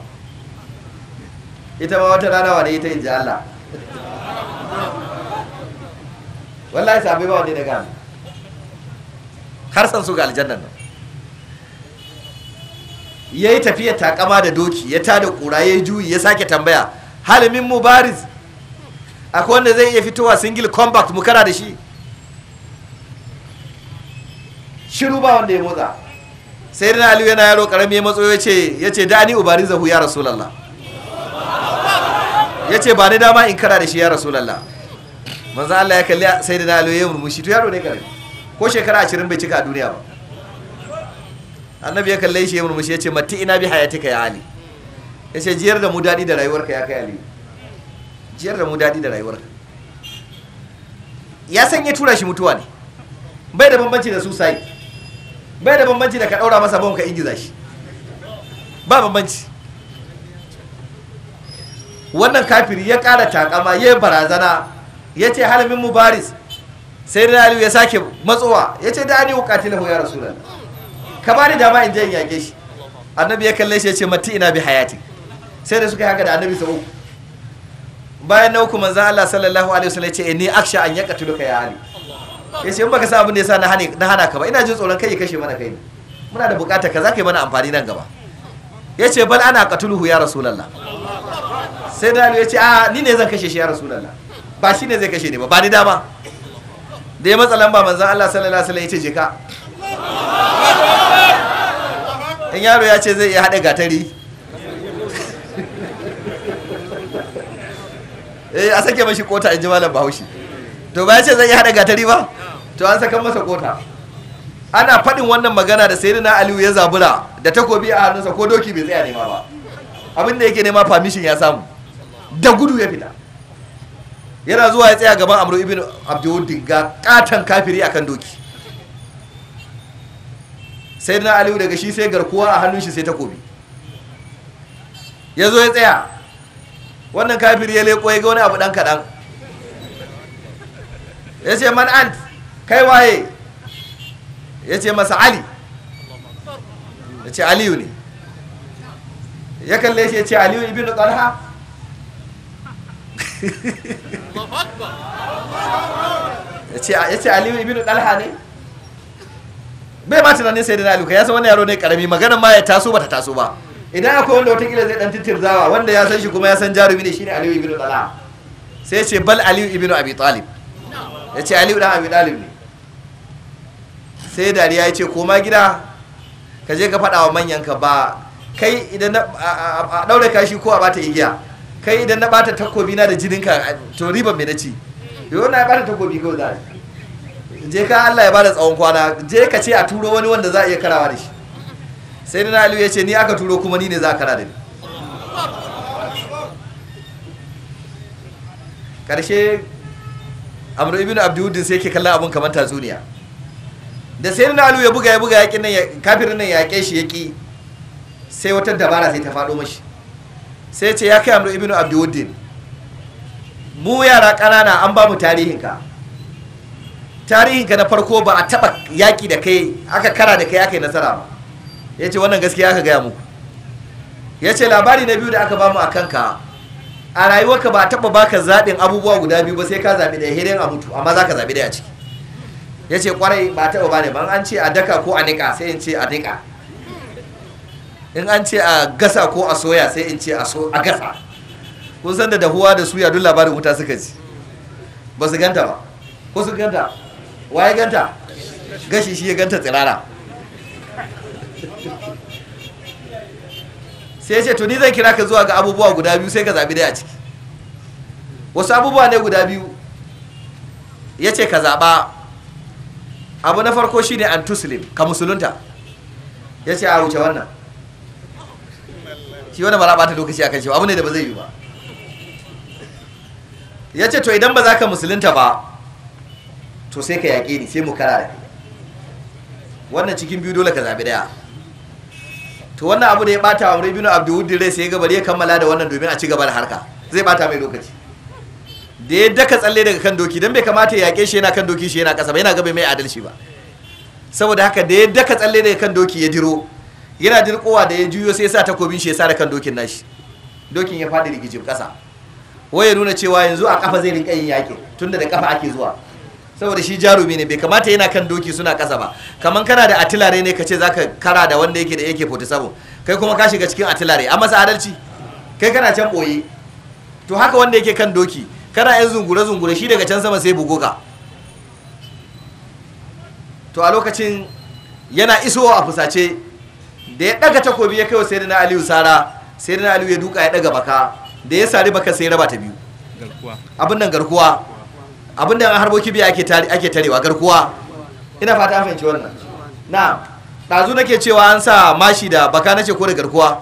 ita ma wata rana wane ita in ji Allah wallahi sabai ba wani daga har san su ga aljannan nan ya yi tafiya takama da doki ya tada kura ya yi juyi ya sake tambaya halimin mubariz akwai wanda zai iya fitowa single combat mu kara da shi shiru ba wanda ya motsa sai da aliyu yana yaro karami ya matso ya ce ya ce da ni ubarin zahu ya rasulallah ya ce ba ni dama in kara da shi ya rasulallah manzan Allah ya kalli sai da aliyu ya murmushi to yaro ne karami ko shekara 20 bai cika a duniya ba annabi ya kalle shi ya murmushi ya ce mati ina bi hayatika ya ali ya ce jiyar da mu daɗi da rayuwarka ya kai ali jiyar da mu daɗi da rayuwarka ya san ya tura shi mutuwa ne bai da bambanci da sai bai da bambanci da ka ɗaura masa bom ka ingiza shi ba bambanci wannan kafiri ya ƙara takama ya barazana ya ce halamin mubaris sai da aliyu ya sake matsowa ya ce da aliyu katilahu ya rasu da ka ba ni dama in je in yage shi annabi ya kalle shi ya ce mati ina bi hayati sai da suka yi haka da annabi sau bayan na uku manzo Allah sallallahu alaihi wasallam ya ce ni aksha an yaqtuluka ya ali ya ce in baka sa abin da yasa na hane na hana ka ba ina jin tsoron kai ya kashe mana kai ne muna da bukata ka yi mana amfani nan gaba ya ce bal ana qatuluhu ya rasulullah sai da ya ce a ni ne zan kashe shi ya rasulullah ba shi ne zai kashe ni ba ba ni dama da ya matsa lamba manzo Allah sallallahu alaihi wasallam ya ce je ka in yaro ya ce zai iya haɗe gatari eh a sake mashi kota in ji malam bahaushe to ba ya ce zai iya haɗe gatari ba to an saka masa kota ana faɗin wannan magana da sayyidina aliyu ya zabura da takobi a hannunsa ko doki bai tsaya nema ba abin da yake nema famishin ya samu da gudu ya fita yana zuwa ya tsaya gaban amru ibn abdul ga katan kafiri akan doki sai na aliyu daga shi sai garkuwa a hannun shi sai takobi ya zo ya tsaya wannan kafir ya leko ya ga wani abu dan kaɗan ya ce man ant kai waye ya ce masa ali ya ce aliyu ne ya kalle shi ya ce aliyu ibn talha ya ce aliyu ibn talha ne tunanin sai da aluka ya san wani yaro ne karami magana ma ya taso bata taso ba idan akwai wanda watakila zai dan titirzawa wanda ya san shi kuma ya san jarumi ne shine aliyu ibnu dala sai ce bal aliyu ibnu abi talib ya ce aliyu dan abi talib ne sai dariya ya ce koma gida ka je ka fada wa manyanka ba kai idan na a daure kashi ko a bata igiya kai idan na bata takobi na da jininka to riban me nace ci yau na bata takobi kawai za je ka Allah ya bada tsawon kwana je ka ce a turo wani wanda za a iya karawa da shi sai na aliyu ya ce ni aka turo kuma ni ne za a kara da ni ƙarshe amru ibn abdudin sai ke kallon abin kamar tatsuniya da sai na aliyu ya buga ya buga yaƙin nan kafirin nan yaƙe shi yaƙi sai wata dabara sai ta faɗo mashi sai ce ya kai amru ibn abdudin mu yara ƙanana an ba mu tarihinka Tarihin ka na farko ba a taba yaki da kai aka kara da kai aka yi nasara ba ya ce wannan gaskiya aka gaya muku ya ce labari na biyu da aka bamu a kanka a rayuwarka ba a taba baka zaɓin abubuwa guda biyu ba sai ka zaɓi ɗaya hirin a mutu amma za ka zaɓi ɗaya ciki ya ce kwarai ba a taba ne ba an ce a daka ko a niƙa sai in ce a niƙa in an ce a gasa ko a soya sai in ce a gasa kun san da dahuwa da suya duk labarin wuta suka ji ba su ganta ba ko su ganta waye ganta gashi shi ya ganta tsirara sai ce to ni zan kira ka zuwa ga abubuwa guda biyu sai ka zabi daya a ciki wasu abubuwa ne guda biyu ya ce ka zaba abu na farko shi ne antuslim ka musulunta ya ce a wuce wannan shi wani mara bata lokaci a kan shi abu ne da ba zai yi ba ya ce to idan ba za ka musulunta ba to sai ka yaƙe ni sai mu kara da wannan cikin biyu dole ka zabi daya to wannan abu da ya bata wa Ibn Abdul rai sai gabar ya kammala da wannan domin a ci gaba da harka zai bata mai lokaci da ya daka tsalle daga kan doki don bai kamata ya yaƙe shi yana kan doki shi yana ƙasa ba yana gaba mai adalci ba saboda haka da ya daka tsalle daga kan doki ya diro yana dirkowa da ya juyo sai ya sa takobin shi ya sa da kan dokin nashi dokin ya faɗi rigijin ƙasa waya nuna cewa yanzu a kafa zai rinka yin yaƙi tunda da kafa ake zuwa saboda shi jarumi ne bai kamata yana kan doki suna kasa ba kamar kana da atilare ne kace zaka kara da wanda yake da yake 47 kai kuma ka shiga cikin atilare amma masa adalci kai kana can boye to haka wanda yake kan doki kana yan zungure zungure shi daga can sama sai bugo ka to a lokacin yana isowa a fusace da ya daga takobi ya kai wa sayyidina aliyu sara sayyidina aliyu ya duka ya daga baka da ya sari baka sai raba ta biyu abin nan garkuwa abin da harbo kibiya ake tare ake tarewa garkuwa ina fata an fahimci wannan na dazu nake cewa an sa mashi da baka nace kore da garkuwa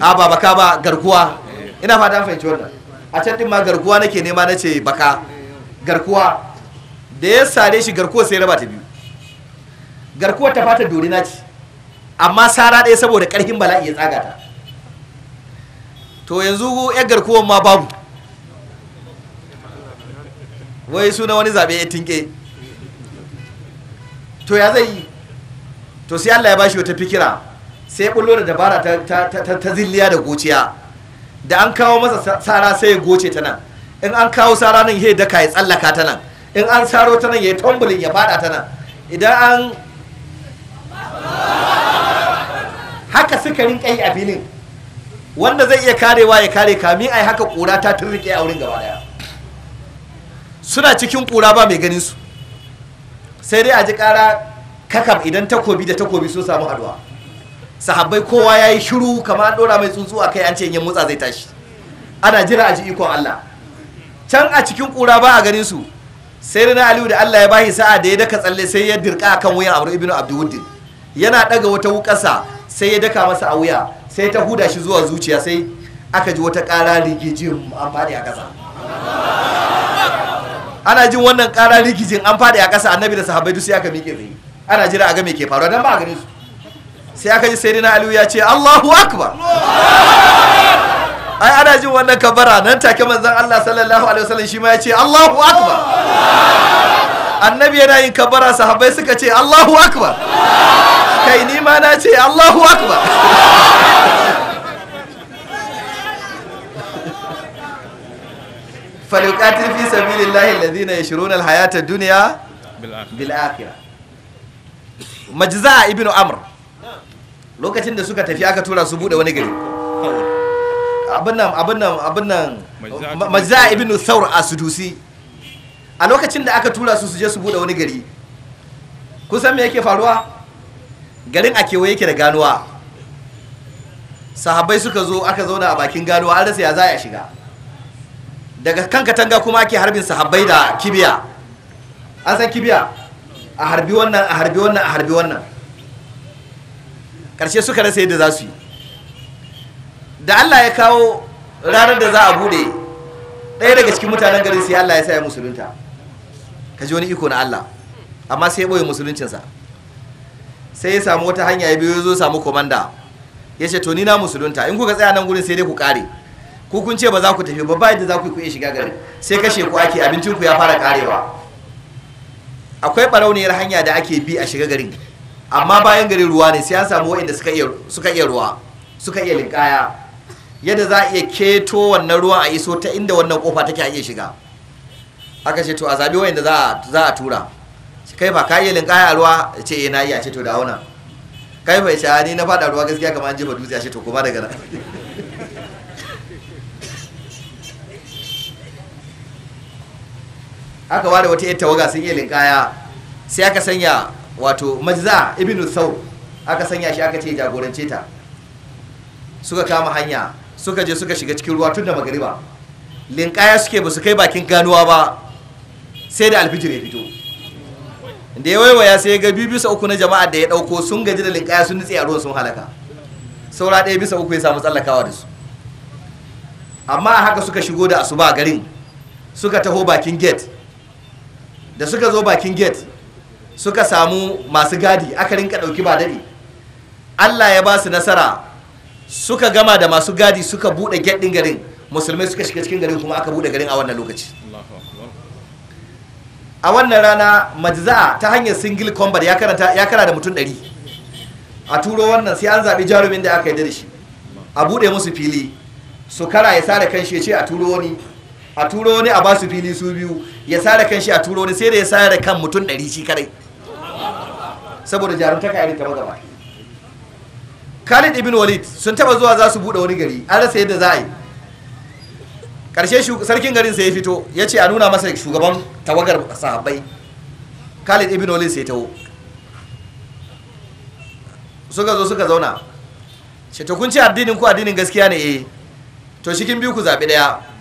a ba baka ba garkuwa ina fata an fahimci wannan a can din ma garkuwa nake nema nace baka garkuwa da ya sare shi garkuwa sai raba ta biyu garkuwa ta fata dorina ce amma sara ɗaya saboda ƙarfin bala'i ya tsaga ta to yanzu 'yan garkuwan ma babu wai suna wani zaɓe ya tinke to ya zai yi to sai allah ya bashi wata fikira sai bullo da dabara ta, zilliya da gociya da an kawo masa sara sai ya goce ta nan in an kawo sara nan ya daka ya tsallaka ta nan in an saro ta nan ya tumbulin ya fada ta nan idan an haka suka rinka yi a filin wanda zai iya karewa ya kare kamin ai haka kura ta turrike a wurin gaba daya suna cikin ƙura ba mai ganin su sai dai a ji kara kakam idan takobi da takobi sun samu haduwa sahabbai kowa ya yi shiru kamar ɗora mai tsuntsu a kai an ce yin motsa zai tashi ana jira a ji ikon Allah can a cikin ƙura ba a ganin su sai na aliyu da Allah ya bashi sa'a da ya daka tsalle sai ya dirka akan wuyan Amr ibn Abdulwuddin yana daga wata wukarsa sai ya daka masa a wuya sai ta huda shi zuwa zuciya sai aka ji wata ƙara rigijin amfani a ƙasa ana jin wannan ƙara rikicin an faɗi a ƙasa annabi da sahabbai duk sai aka miƙe tsaye ana jira a ga me ke faruwa dan ba a gare su sai aka ji sayyidina aliyu ya ce Allahu akbar ai ana jin wannan kabara nan take manzon Allah sallallahu alaihi wasallam shi ma ya ce Allahu akbar annabi yana yin kabara sahabbai suka ce Allahu akbar kai ni ma na ce Allahu akbar falukatil fi sabilillahi alladhina yashruna alhayata duniya dunya bil akhirah majza ibnu amr lokacin da suka tafi aka tura su bude wani gari abin nan abin nan a nan Saur a thawr as-sudusi a lokacin da aka tura su su je su bude wani gari kusan me yake faruwa garin a kewaye yake da ganuwa sahabbai suka zo aka zauna a bakin ganuwa an rasa ya za a shiga daga kan katanga kuma ake harbin sahabbai da kibiya an san kibiya a harbi wannan a harbi wannan a harbi wannan ƙarshe suka rasa yadda za su yi da Allah ya kawo ranar da za a bude ɗaya daga cikin mutanen garin sai Allah ya sa ya musulunta ka ji wani iko na Allah amma sai ya ɓoye musuluncinsa sai ya samu wata hanya ya biyo ya zo samu komanda ya ce to ni na musulunta in kuka tsaya nan gurin sai dai ku ƙare Ku kun ce ba za ku tafi ba ba yadda za ku iya shiga garin sai kashe ku ake abincin ku ya fara karewa akwai barauniyar hanya da ake bi a shiga garin amma bayan garin ruwa ne sai an samu waɗanda suka iya suka iya ruwa suka iya linkaya yadda za a iya keto wannan ruwan a iso ta inda wannan kofa take a iya shiga aka ce to a zabi waɗanda za za a tura kai ba ka iya linkaya a ruwa ce eh na iya ce to da auna kai bai ce ni na fada ruwa gaskiya kamar an jefa dutse a ce to kuma daga nan aka ware wata yadda tawaga sun iya linkaya sai aka sanya wato majza ibnu sau aka sanya shi aka ce jagorance ta suka kama hanya suka je suka shiga cikin ruwa tun da magariba linkaya suke ba su kai bakin ganuwa ba sai da alfijir ya fito da ya waiwaya sai ya ga biyu bisa uku na jama'a da ya dauko sun gaji da linkaya sun nutse a ruwan sun halaka saura ɗaya bisa uku ya samu tsallakawa da su amma haka suka shigo da asuba garin suka taho bakin gate da suka zo bakin gate suka samu masu gadi aka rinka ɗauki ba daɗi allah ya ba su nasara suka gama da masu gadi suka buɗe gate din garin musulmai suka shiga cikin garin kuma aka buɗe garin a wannan lokaci a wannan rana majza'a ta hanyar single combat ya karanta ya kara da mutum ɗari a turo wannan sai an zabi jarumin da aka yi da shi a buɗe musu fili su kara ya sare kan shi ya ce a turo wani a turo wani a basu fili su biyu ya sare kan shi a turo wani sai da ya sare kan mutum ɗari shi kadai saboda jarumtaka irin ta magaba Khalid ibn Walid sun taba zuwa za su buɗe wani gari an rasa yadda za a yi ƙarshe sarkin garin sai ya fito ya ce a nuna masa shugaban tawagar sahabbai Khalid ibn Walid sai taho suka zo suka zauna ce to kun ce addinin ku addinin gaskiya ne eh to cikin biyu ku zaɓi ɗaya.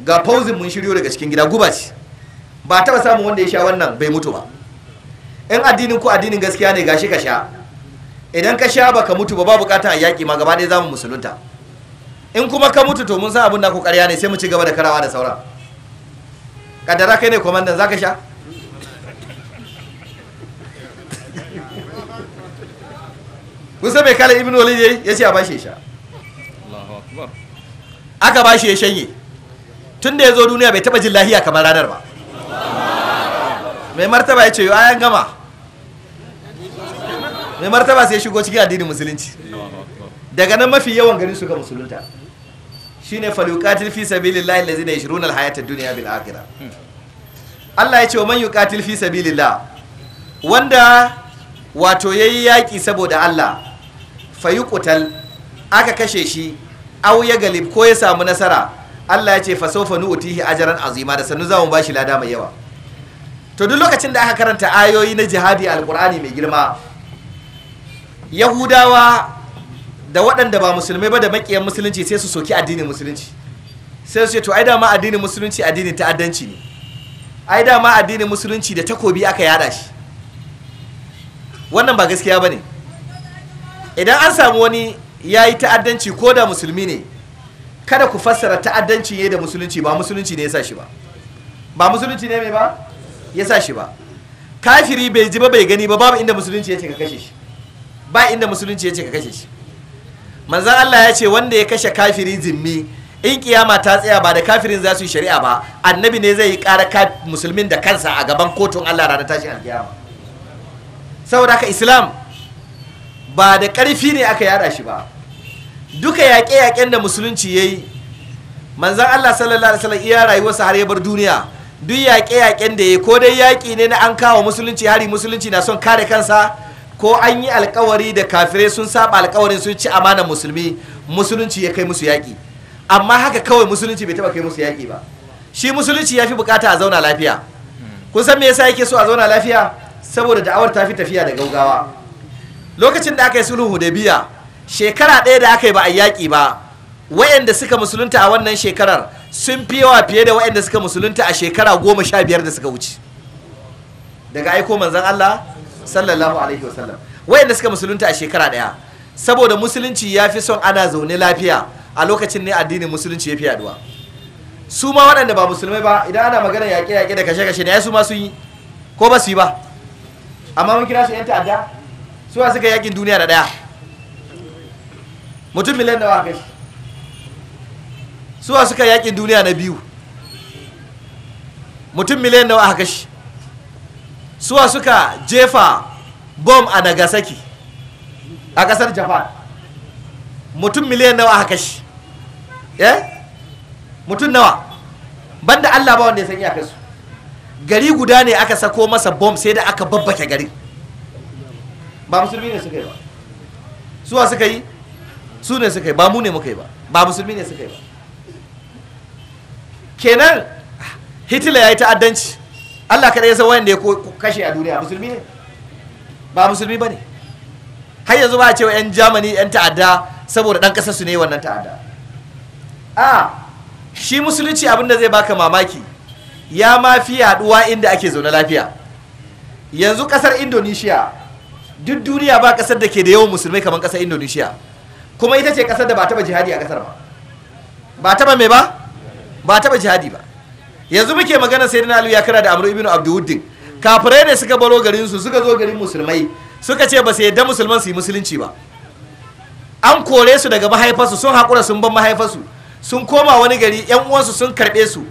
ga fauzin mun shiryo daga cikin gida guba ce ba taba samun wanda ya sha wannan bai mutu ba in addinin ko addinin gaskiya ne gashi ka sha idan ka sha baka mutu ba ba bukata a yaki ma gaba ɗaya zamu musulunta in kuma ka mutu to mun san abin da ku ƙarya ne sai mu ci gaba da karawa da sauran kadara kai ne komandan zaka sha kusa mai kala ibn walid yayi ya ce a bashi ya sha aka bashi ya shanye tun da ya zo duniya bai taba jin lahiya kamar ranar ba mai martaba ya ce yi ayan gama mai martaba sai shigo cikin addinin musulunci daga nan mafi yawan garin su ga musulunta shine falukatil fi sabilillahi allazina yashruna runar ad duniya bil akira Allah ya ce wa man yuqatil fi sabilillah wanda wato yayi yaki saboda Allah fayuqtal aka kashe shi au ya galib ko ya samu nasara Allah ya ce fa sawfa nu'tihi ajran azima da sannu zamu bashi lada mai yawa to duk lokacin da aka karanta ayoyi na jihadi alqur'ani mai girma yahudawa da waɗanda ba musulmai ba da makiyan musulunci sai su soki addinin musulunci sai su ce to ai dama addinin musulunci addinin ta'addanci ne ai dama addinin musulunci da takobi aka yada shi wannan ba gaskiya bane idan an samu wani yayi yi ta'addanci ko da musulmi ne kada ku fassara ta'addanci ne da musulunci ba musulunci ne ya sa shi ba ba musulunci ne mai ba ya sa shi ba kafiri bai ji ba bai gani ba babu inda musulunci ya ce ka kashe shi ba inda musulunci ya ce ka kashe shi manzan Allah ya ce wanda ya kashe kafiri zimmi in kiyama ta tsaya ba da kafirin za su yi shari'a ba annabi ne zai yi ƙara musulmin da kansa a gaban kotun Allah ranar tashin alkiyama saboda haka islam ba da ƙarfi ne aka yada shi ba duka yaƙe-yaƙen da musulunci ya yi manzan allah sallallahu alaihi wasallam iya rayuwarsa har ya bar duniya duk yaƙe-yaƙen da ya ko dai yaƙi ne na an kawo musulunci hari musulunci na son kare kansa ko an yi alkawari da kafirai sun saba alkawarin sun ci amanar musulmi musulunci ya kai musu yaƙi amma haka kawai musulunci bai taɓa kai musu yaƙi ba shi musulunci ya fi bukata a zauna lafiya kun san me yasa yake so a zauna lafiya saboda da'awar ta fi tafiya da gaugawa lokacin da aka yi sulhu biya. shekara ɗaya da aka yi ba a yaƙi ba wayanda suka musulunta a wannan shekarar sun fi yawa fiye da wayanda suka musulunta a shekara goma sha biyar da suka wuce daga aiko manzan Allah sallallahu alaihi wasallam wayanda suka musulunta a shekara ɗaya saboda musulunci ya fi son ana zaune lafiya a lokacin ne addinin musulunci ya fi yaduwa su ma waɗanda ba musulmai ba idan ana magana yaƙe-yaƙe da kashe-kashe ne su ma sun yi ko ba su yi ba amma mun kira su 'yan ta'adda su suka yaƙin duniya da ɗaya mutum miliyan nawa kai suwa suka yakin duniya na biyu mutum miliyan da aka suwa suka jefa bom a nagasaki a kasar japan mutum miliyan nawa aka kashi eh mutum nawa banda allah ba wanda ya san su gari guda ne aka sako masa bom sai da aka babbake gari ba musulmi ne suka yi ba suwa suka yi su ne suka yi ba mu ne muka yi ba ba musulmi ne suka yi ba kenan hitler ya yi ta'addanci allah kada ya san da ya kashe a duniya musulmi ne ba musulmi ba ne har yanzu ba a cewa 'yan jamani 'yan ta'adda saboda ɗan ƙasar su ne wannan ta'adda a shi musulunci abin da zai baka mamaki ya ma fi haɗuwa inda ake zaune lafiya yanzu ƙasar indonesia duk duniya ba ƙasar da ke da yawan musulmai kamar ƙasar indonesia kuma ita ce kasar da ba taba jihadi a kasar ba ba taba mai ba ba taba jihadi ba yanzu muke magana sai na ya kira da amru ibnu abduwuddin kafirai ne suka baro garin su suka zo garin musulmai suka ce ba su yadda musulman su yi musulunci ba an kore su daga mahaifarsu sun haƙura sun ban mahaifarsu sun koma wani gari yan uwansu sun karɓe su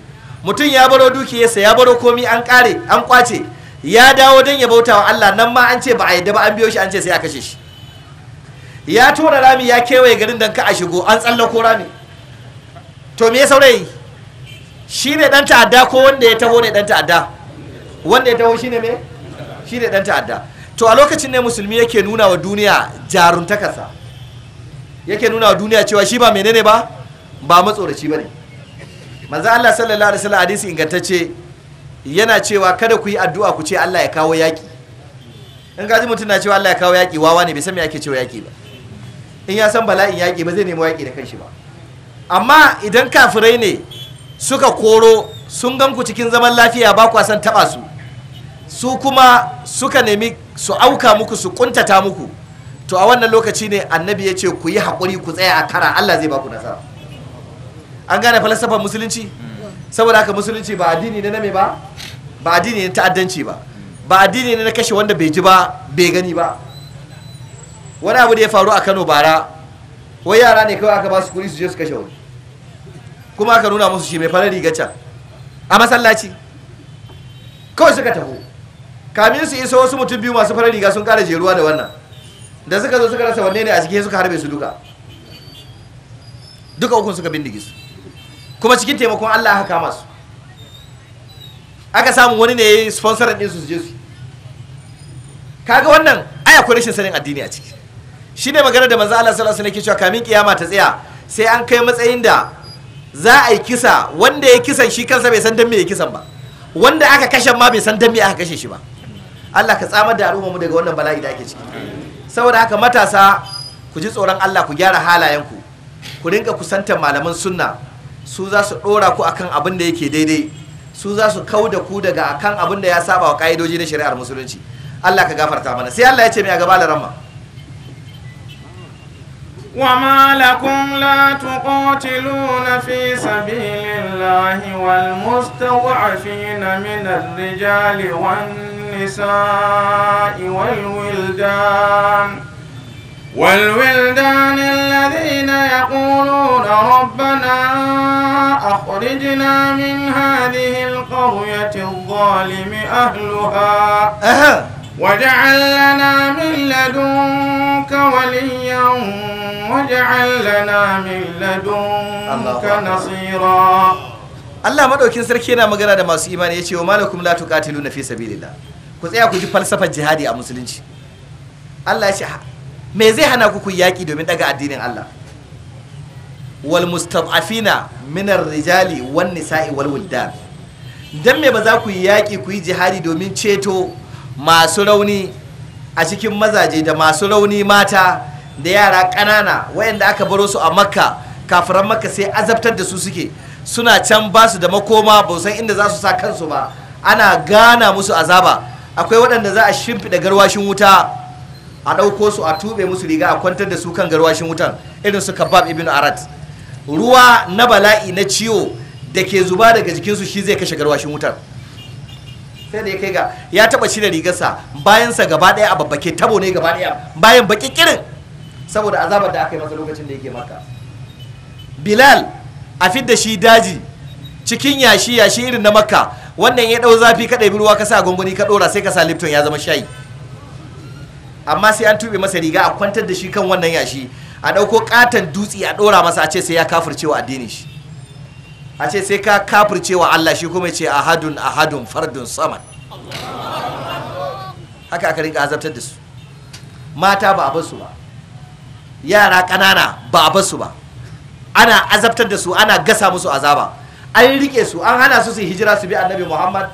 mutum ya baro dukiyarsa ya baro komi an ƙare an ƙwace ya dawo don ya bauta wa Allah nan ma an ce ba a yadda ba an biyo shi an ce sai a kashe shi ya tura rami ya kewaye garin da ka a shigo an tsallako rami to me ya saurayi shi ne dan ta'adda ko wanda ya taho ne dan ta'adda wanda ya taho shi ne me shi ne dan ta'adda to a lokacin ne musulmi yake nuna wa duniya jaruntakarsa yake nuna wa duniya cewa shi ba menene ba ba matsoraci ba ne manzo Allah sallallahu alaihi wasallam hadisi ingantacce yana cewa kada ku yi addu'a ku ce Allah ya kawo yaki in gaji mutum na cewa Allah ya kawo yaki wawa ne bai san me yake cewa yaki ba in ya san bala'in yaƙi ba zai nemi yaƙi da kanshi ba amma idan kafirai ne suka koro sun ganku cikin zaman lafiya ba kuwa san taɓa su su kuma suka nemi su auka muku su ƙuntata muku to a wannan lokaci ne annabi ya ce ku yi haƙuri ku tsaya a kara Allah zai baku nasara an gane falasafar musulunci saboda haka musulunci ba addini ne na me ba ba addini ne ta'addanci ba ba addini ne na kashe wanda bai ji ba bai gani ba wani abu da ya faru a kano bara wai yara ne kawai aka ba su kuri su je su kashe wani kuma aka nuna musu shi mai fara riga can a masallaci kawai suka taho kamin su iso wasu mutum biyu masu fara riga sun kara jeruwa da wannan da suka zo suka rasa wanne ne a cikin suka harbe su duka duka ukun suka bindige su kuma cikin taimakon Allah aka kama su aka samu wani ne ya yi sponsor din su je su kaga wannan ai akwai rashin sanin addini a ciki Shi ne maganar da manzo Allah sallallahu alaihi cewa kamin kiyama ta tsaya sai an kai matsayin da za a yi kisa wanda ya kisan shi kansa bai san dan me ya kisan ba wanda aka kashe ma bai san dan me aka kashe shi ba Allah ka tsamar da al'umma mu daga wannan bala'i da ake ciki saboda haka matasa ku ji tsoron Allah ku gyara halayenku ku rinka kusantar malaman sunna su za su dora ku akan abin da yake daidai su za su kau da ku daga akan abin da ya saba wa ka'idoji na shari'ar musulunci Allah ka gafarta mana sai Allah ya ce mai a gaba da ramma وما لكم لا تقاتلون في سبيل الله والمستضعفين من الرجال والنساء والولدان والولدان الذين يقولون ربنا أخرجنا من هذه القرية الظالم أهلها واجعل لنا من لدنك وليا واجعل لنا من لدنك نصيرا Allah madaukin sarki yana magana da masu imani yace wa malakum la tuqatiluna fi sabilillah ku tsaya ku ji falsafar jihadi a musulunci Allah ya ce me zai hana ku kuyi yaki domin daga addinin Allah wal mustad'afina min rijali wan nisa'i wal wildan dan me ba za ku yi yaki ku yi jihadi domin ceto masu rauni a cikin mazaje da masu rauni mata da yara ƙanana wayanda aka baro su a makka kafiran makka sai azabtar da su suke suna can ba su da makoma ba san inda za su sa kansu ba ana gana musu azaba akwai waɗanda za a shimfiɗa garwashin wuta a ɗauko su a tuɓe musu riga a kwantar da su kan garwashin wutan irin su kabab ibn arat ruwa na bala'i na ciwo da ke zuba daga jikinsu shi zai kashe garwashin wutar sai da ya kai ga ya taba da rigarsa bayansa gaba daya a babbake tabo ne gaba daya bayan baki kirin saboda azabar da aka yi masa lokacin da yake maka bilal a da shi daji cikin yashi yashi irin na makka wannan ya dau zafi ka ɗabi ruwa ka sa gwangwani ka ɗora sai ka sa lipton ya zama shayi amma sai an tube masa riga a kwantar da shi kan wannan yashi a ɗauko ƙaton dutse a ɗora masa a ce sai ya kafircewa addinin shi a ce sai ka kafirce wa Allah shi kuma ce ahadun ahadun fardun saman haka aka rinka azabtar da su mata ba a basu ba yara ƙanana ba a basu ba ana azabtar da su ana gasa musu azaba an rike su an hana su su hijira su bi annabi muhammad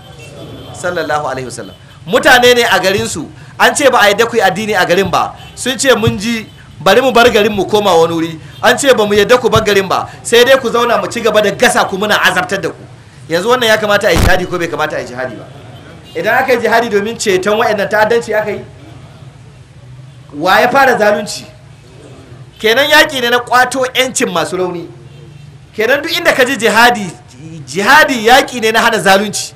sallallahu alaihi wasallam mutane ne a garin su an ce ba a yi dakwai addini a garin ba sun ce mun ji bari mu bar garin mu koma wani wuri an ce ba mu yadda ku bar garin ba sai dai ku zauna mu ci gaba da gasa ku muna azabtar da ku yanzu wannan ya kamata a yi jihadi ko bai kamata a yi jihadi ba idan aka yi jihadi domin ceton wa'annan ta'addanci aka yi wa ya fara zalunci kenan yaƙi ne na kwato 'yancin masu rauni kenan duk inda ka ji jihadi jihadi yaƙi ne na hana zalunci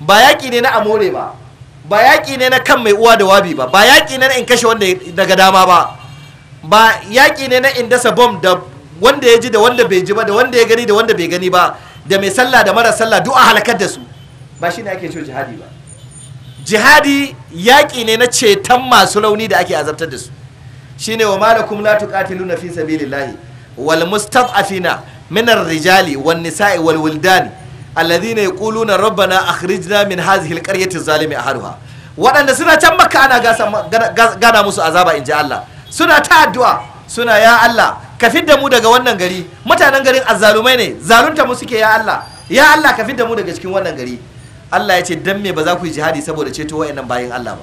ba yaƙi ne na amore ba ba yaƙi ne na kan mai uwa da wabi ba ba yaƙi ne na in kashe wanda daga dama ba ba yaƙi ne na dasa bom da wanda ya ji da wanda bai ji ba da wanda ya gani da wanda bai gani ba da mai sallah da mara sallah duk a halakar da su ba shi ne ake cewa jihadi ba jihadi yaƙi ne na ceton masu launi da ake azabtar da su shi ne wa malakum la na fi sabilillahi wal mustad'afina min ar-rijali wan nisa'i wal wildani alladhina yaquluna rabbana akhrijna min hadhihi al-qaryati adh-dhalimi ahliha waɗanda suna can makka ana gana musu azaba in ji Allah suna ta addu'a suna ya Allah ka fidda mu daga wannan gari mutanen garin azzalumai ne zalunta mu suke ya Allah ya Allah ka fidda mu daga cikin wannan gari Allah ya ce dan me ba za ku yi jihadi saboda ceto wayannan bayin Allah ba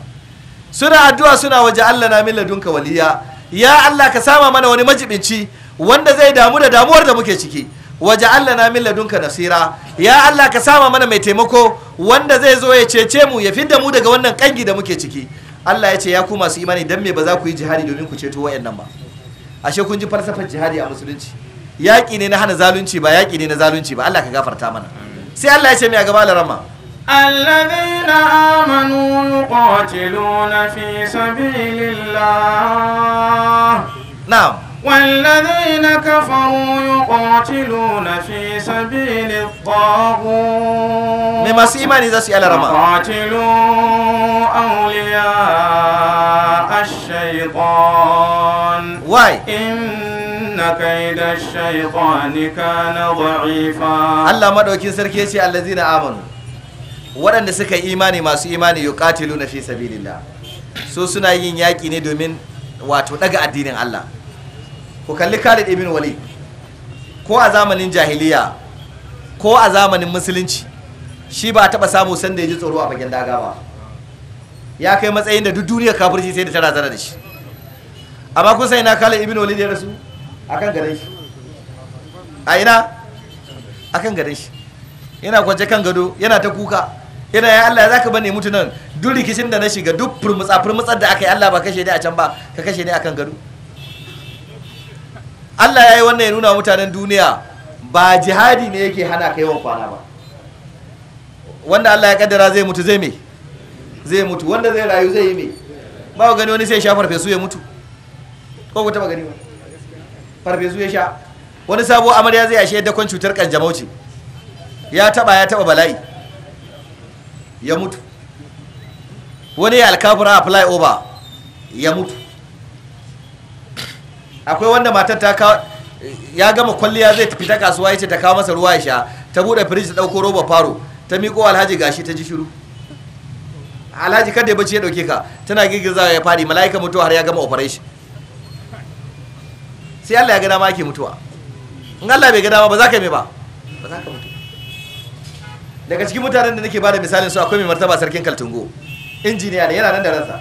suna addu'a suna waje Allah na min ladunka waliya ya Allah ka sama mana wani majibinci wanda zai damu da damuwar da muke ciki waje Allah na min ladunka nasira ya Allah ka sama mana mai taimako wanda zai zo ya cece mu ya fidda mu daga wannan kangi da muke ciki Allah ya ce ya ku masu imani dan me ba za ku yi jihadi domin ku ceto wayannan ba ashe kun ji falsafar jihadi a musulunci yaƙi ne na hana zalunci ba yaƙi ne na zalunci ba Allah ka gafarta mana sai Allah ya ce me a gaba larama الذين آمنوا يقاتلون في سبيل الله نعم والذين كفروا يقاتلون في سبيل الطاغوت مما سيماني ذا سيالة رما يقاتلوا أولياء الشيطان واي إن كيد الشيطان كان ضعيفا الله ما مدوكين سركيسي الذين آمنوا waɗanda suka imani masu imani yuqatiluna fi sabilillah so suna yin yaƙi ne domin wato daga addinin Allah ku kalli Khalid ibn wali ko a zamanin jahiliya ko a zamanin musulunci shi ba taɓa samu sanda ya ji tsoro a bakin daga ba ya kai matsayin da duk duniyar kafirci sai da tara zara da shi amma kun sai na Khalid ibn da ya rasu akan garin shi a ina akan garin shi yana kwance kan gado yana ta kuka yana ya Allah zaka bane mutunan nan duk rikicin da na shiga duk furmutsa furmutsar da aka yi Allah ba kashe ne a can ba ka kashe a akan gado Allah ya yi wannan ya nuna mutanen duniya ba jihadi ne yake hana ka yawan kwana ba wanda Allah ya kaddara zai mutu zai me zai mutu wanda zai rayu zai yi me ba ku gani wani sai sha farfesu ya mutu ko ku taba gani ba farfesu ya sha wani sabo amarya zai ashe dakon cutar kanjamau ce ya taba ya taba bala'i ya mutu wani ya alkafura a fly over ya mutu akwai wanda matar ta kawo ya gama kwalliya zai tafi ta kasuwa ya ce ta kawo masa ruwa ya sha ta bude firij ta dauko roba faro ta miƙo alhaji gashi ta ji shiru alhaji kada ya bace ya dauke ka tana girgiza ya fadi mala'ika mutuwa har ya gama operation sai Allah ya ga dama ake mutuwa in Allah bai ga dama ba za ka mai ba ba za ka mutu daga cikin mutanen da nake bada misalin su akwai mai martaba sarkin kaltungo injiniya ne yana nan da ransa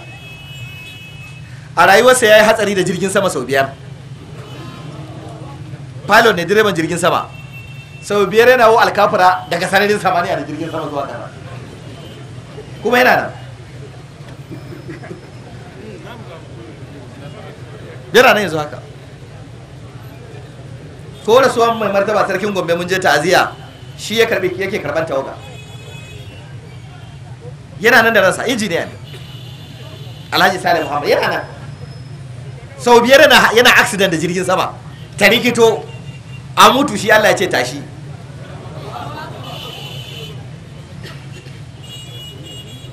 a rayuwarsa ya yi hatsari da jirgin sama sau biyar pilot ne direban jirgin sama sau biyar yana wo alkafura daga sanadin samaniya da jirgin sama zuwa kara kuma yana nan yana nan yanzu haka ko da suwan mai martaba sarkin gombe mun je ta'aziyya shi ya karbi yake karban tawaga yana nan da ransa injiniya ne alhaji salim muhammad yana nan sau biyar yana accident da jirgin sama ta rikito a mutu shi Allah ya ce tashi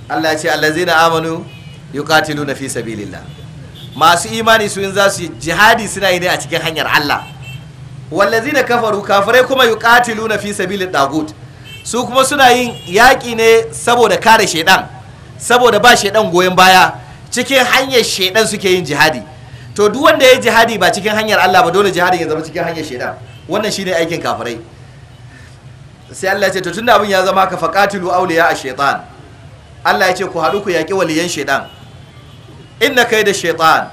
Allah ya ce allazina amanu yuqatiluna fi sabilillah masu imani su in za su jihadi suna yi ne a cikin hanyar Allah wallazina kafaru kafirai kuma yuqatiluna fi sabilil dagut su kuma suna yin yaki ne saboda kare shedan saboda ba shedan goyon baya cikin hanyar shedan suke yin jihadi to duk wanda ya jihadi ba cikin hanyar Allah ba dole jihadin ya zama cikin hanyar shedan wannan shine aikin kafirai sai Allah ya ce to tunda abin ya zama ka faqatilu awliya ash-shaytan Allah ya ce ku haɗu ku yaƙi waliyan shaytan inna kai da shaytan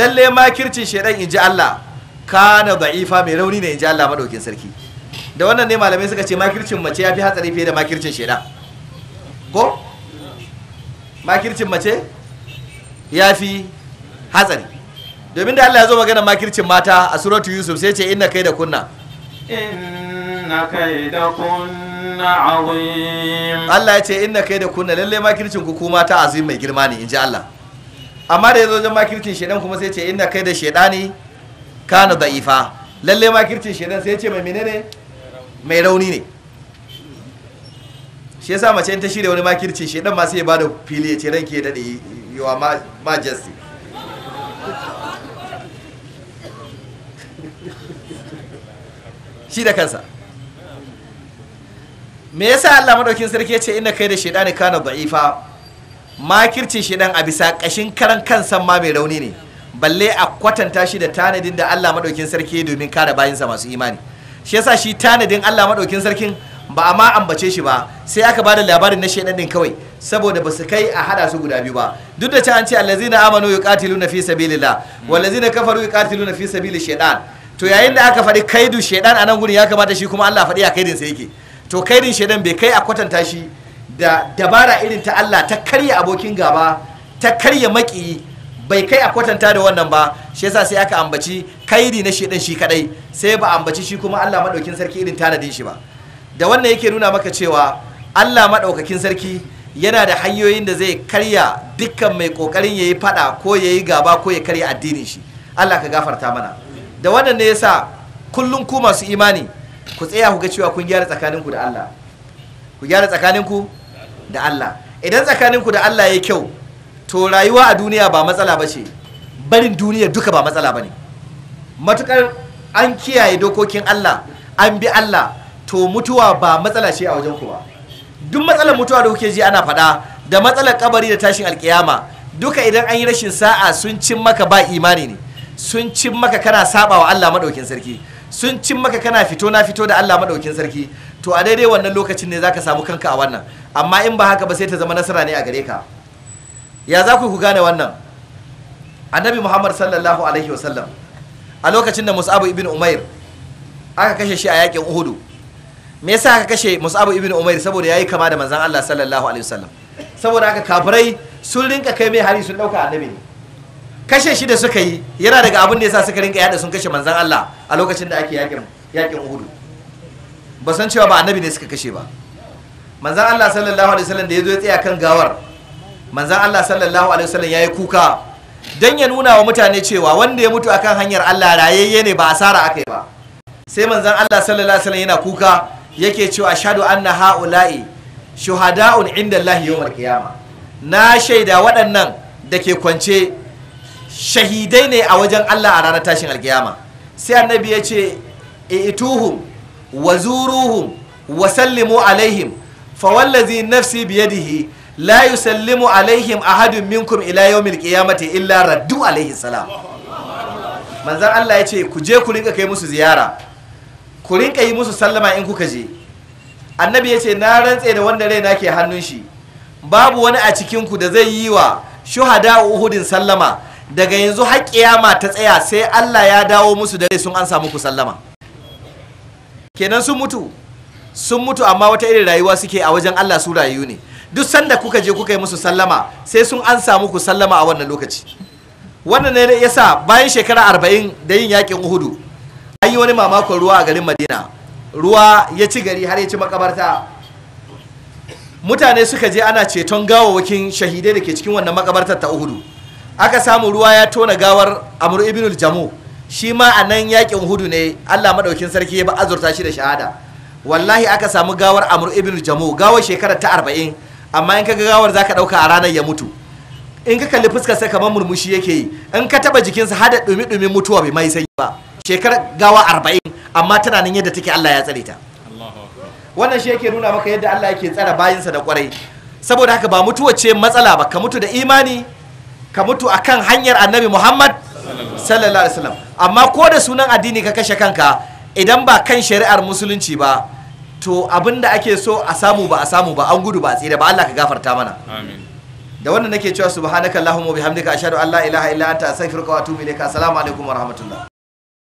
lalle makircin shaytan inji Allah kana da'ifa mai rauni ne inji Allah madaukin sarki da wannan ne malamai suka ce makircin mace ya fi hatsari fiye da makircin shaidan ko makircin mace ya hatsari domin da Allah ya zo magana makircin mata a suratu Yusuf sai ce inna kai da kunna inna kai da kunna azim Allah ya ce inna kai da kunna lalle makircin ku kuma ta azim mai girma ne inji Allah amma da ya zo wajen makircin shedan kuma sai ce inna kai da shedani kana da'ifa lalle makircin shedan sai ce mai menene mai rauni ne shi yasa mace ta shirya wani makircin shedan ma sai ya bada fili ya ce ranke ya dade yawa majesty shi da kansa me yasa Allah madaukin sarki ya ce inna kai da shaidani kana da'ifa makircin shaidan a bisa kashin karan kansa ma mai rauni ne balle a kwatanta shi da tanadin da Allah madaukin sarki domin kare bayinsa masu imani shi yasa shi tanadin Allah madaukin sarkin ba a ma ambace shi ba sai aka bada labarin na shaidan din kawai saboda ba su kai a hada su guda biyu ba duk da cewa an ce allazina amanu yuqatiluna fi sabilillah wallazina kafaru yuqatiluna fi sabilish shaitan to yayin da aka faɗi kaidu shaidan a nan gudun ya kamata shi kuma Allah faɗi a kaidin sa yake to kaidin shaidan bai kai a kwatanta shi da dabara irin ta Allah ta karya abokin gaba ta karya maki bai kai a kwatanta da wannan ba shi yasa sai aka ambaci kaidi na shaidan shi kadai sai ba ambaci shi kuma Allah madaukin sarki irin tanadin shi ba da wannan yake nuna maka cewa Allah madaukakin sarki yana da hanyoyin da zai karya dukkan mai kokarin yayi fada ko yayi gaba ko ya karya addinin shi Allah ka gafarta mana da wannan ne yasa kullum ku masu imani ku tsaya ku ga cewa kun gyara tsakaninku da Allah ku gyara tsakaninku da Allah idan tsakaninku da Allah ya kyau to rayuwa a duniya ba matsala ba ce barin duniya duka ba matsala ba matukar an kiyaye dokokin Allah an bi Allah to mutuwa ba matsala ce a wajen ku ba duk matsalar mutuwa da kuke ji ana faɗa da matsalar kabari da tashin alkiyama duka idan an yi rashin sa'a sun cin maka ba imani ne sun cin maka kana saba wa Allah madaukin sarki sun cin maka kana fito na fito da Allah madaukin sarki to a daidai wannan lokacin ne zaka samu kanka a wannan amma in ba haka ba sai ta zama nasara ne a gare ka ya za ku gane wannan annabi Muhammad sallallahu alaihi wasallam a lokacin da musabu ibn Umair aka kashe shi a yakin Uhud me yasa aka kashe musabu ibn Umair saboda yayi kama da manzon Allah sallallahu alaihi wasallam saboda haka kafirai sun rinka kai mai hari sun dauka annabi ne kashe shi da suka yi yana daga abin da yasa suka rinka yada sun kashe manzan Allah a lokacin da ake yakin hudu. ba san cewa ba annabi ne suka kashe ba Manzan Allah sallallahu alaihi wasallam da zo ya tsaya kan gawar Manzan Allah sallallahu alaihi wasallam yi kuka dan ya nuna wa mutane cewa wanda ya mutu akan hanyar Allah rayayye ne ba asara yi ba sai manzan Allah sallallahu alaihi wasallam yana kuka yake cewa ashhadu anna haula'i shuhada'un inda Allah yawmal na shaida waɗannan da ke kwance shahidai ne a wajen Allah a ranar tashin alkiyama sai annabi ya ce ituhum wa zuruhum wa sallimu alaihim fa wallazi nafsi biyadihi la yusallimu alaihim ahadun minkum ila yawmil qiyamati illa raddu alaihi salam manzon Allah ya ce ku je ku rinka kai musu ziyara ku rinka yi musu sallama in kuka je annabi ya ce na rantse da wanda raina ke hannun shi babu wani a cikinku da zai yi wa shuhada uhudin sallama daga yanzu har kiyama ta tsaya sai Allah ya dawo musu da sun an samu ku sallama kenan sun mutu sun mutu amma wata irin rayuwa suke a wajen Allah su rayu ne duk sanda kuka je kuka yi musu sallama sai sun an samu ku sallama a wannan lokaci wannan ne yasa bayan shekara arba'in da yin yakin uhudu an yi wani mamakon ruwa a garin madina ruwa ya ci gari har ya ci makabarta mutane suka je ana ceton gawawwakin shahidai da ke cikin wannan makabartar ta uhudu aka samu ruwa ya tona gawar amur ibn jamu shi ma a nan yakin hudu ne allah maɗaukin sarki ya ba azurta shi da shahada wallahi aka samu gawar amur ibn jamu gawar shekarar ta arba'in amma in kaga ga gawar zaka ɗauka a ranar ya mutu in ka kalli fuskar sai kamar murmushi yake yi in ka taba jikinsa hada dumi dumin mutuwa bai mai sanyi ba shekarar gawa arba'in amma tana nan yadda take allah ya tsare ta wannan shi yake nuna maka yadda allah yake tsara bayinsa da kwarai saboda haka ba mutuwa ce matsala ba ka mutu da imani ka mutu a kan hanyar annabi muhammad sallallahu alaihi wasallam amma ko da sunan addini ka kashe kanka idan ba kan shari'ar musulunci ba to abin da ake so a samu ba a samu ba an gudu ba a tsira ba Allah ka gafarta mana da wannan nake cewa Allahumma bihamdika ashhadu an la ilaha illa anta astaghfiruka wa atubu ilaika assalamu alaikum wa rahmatullah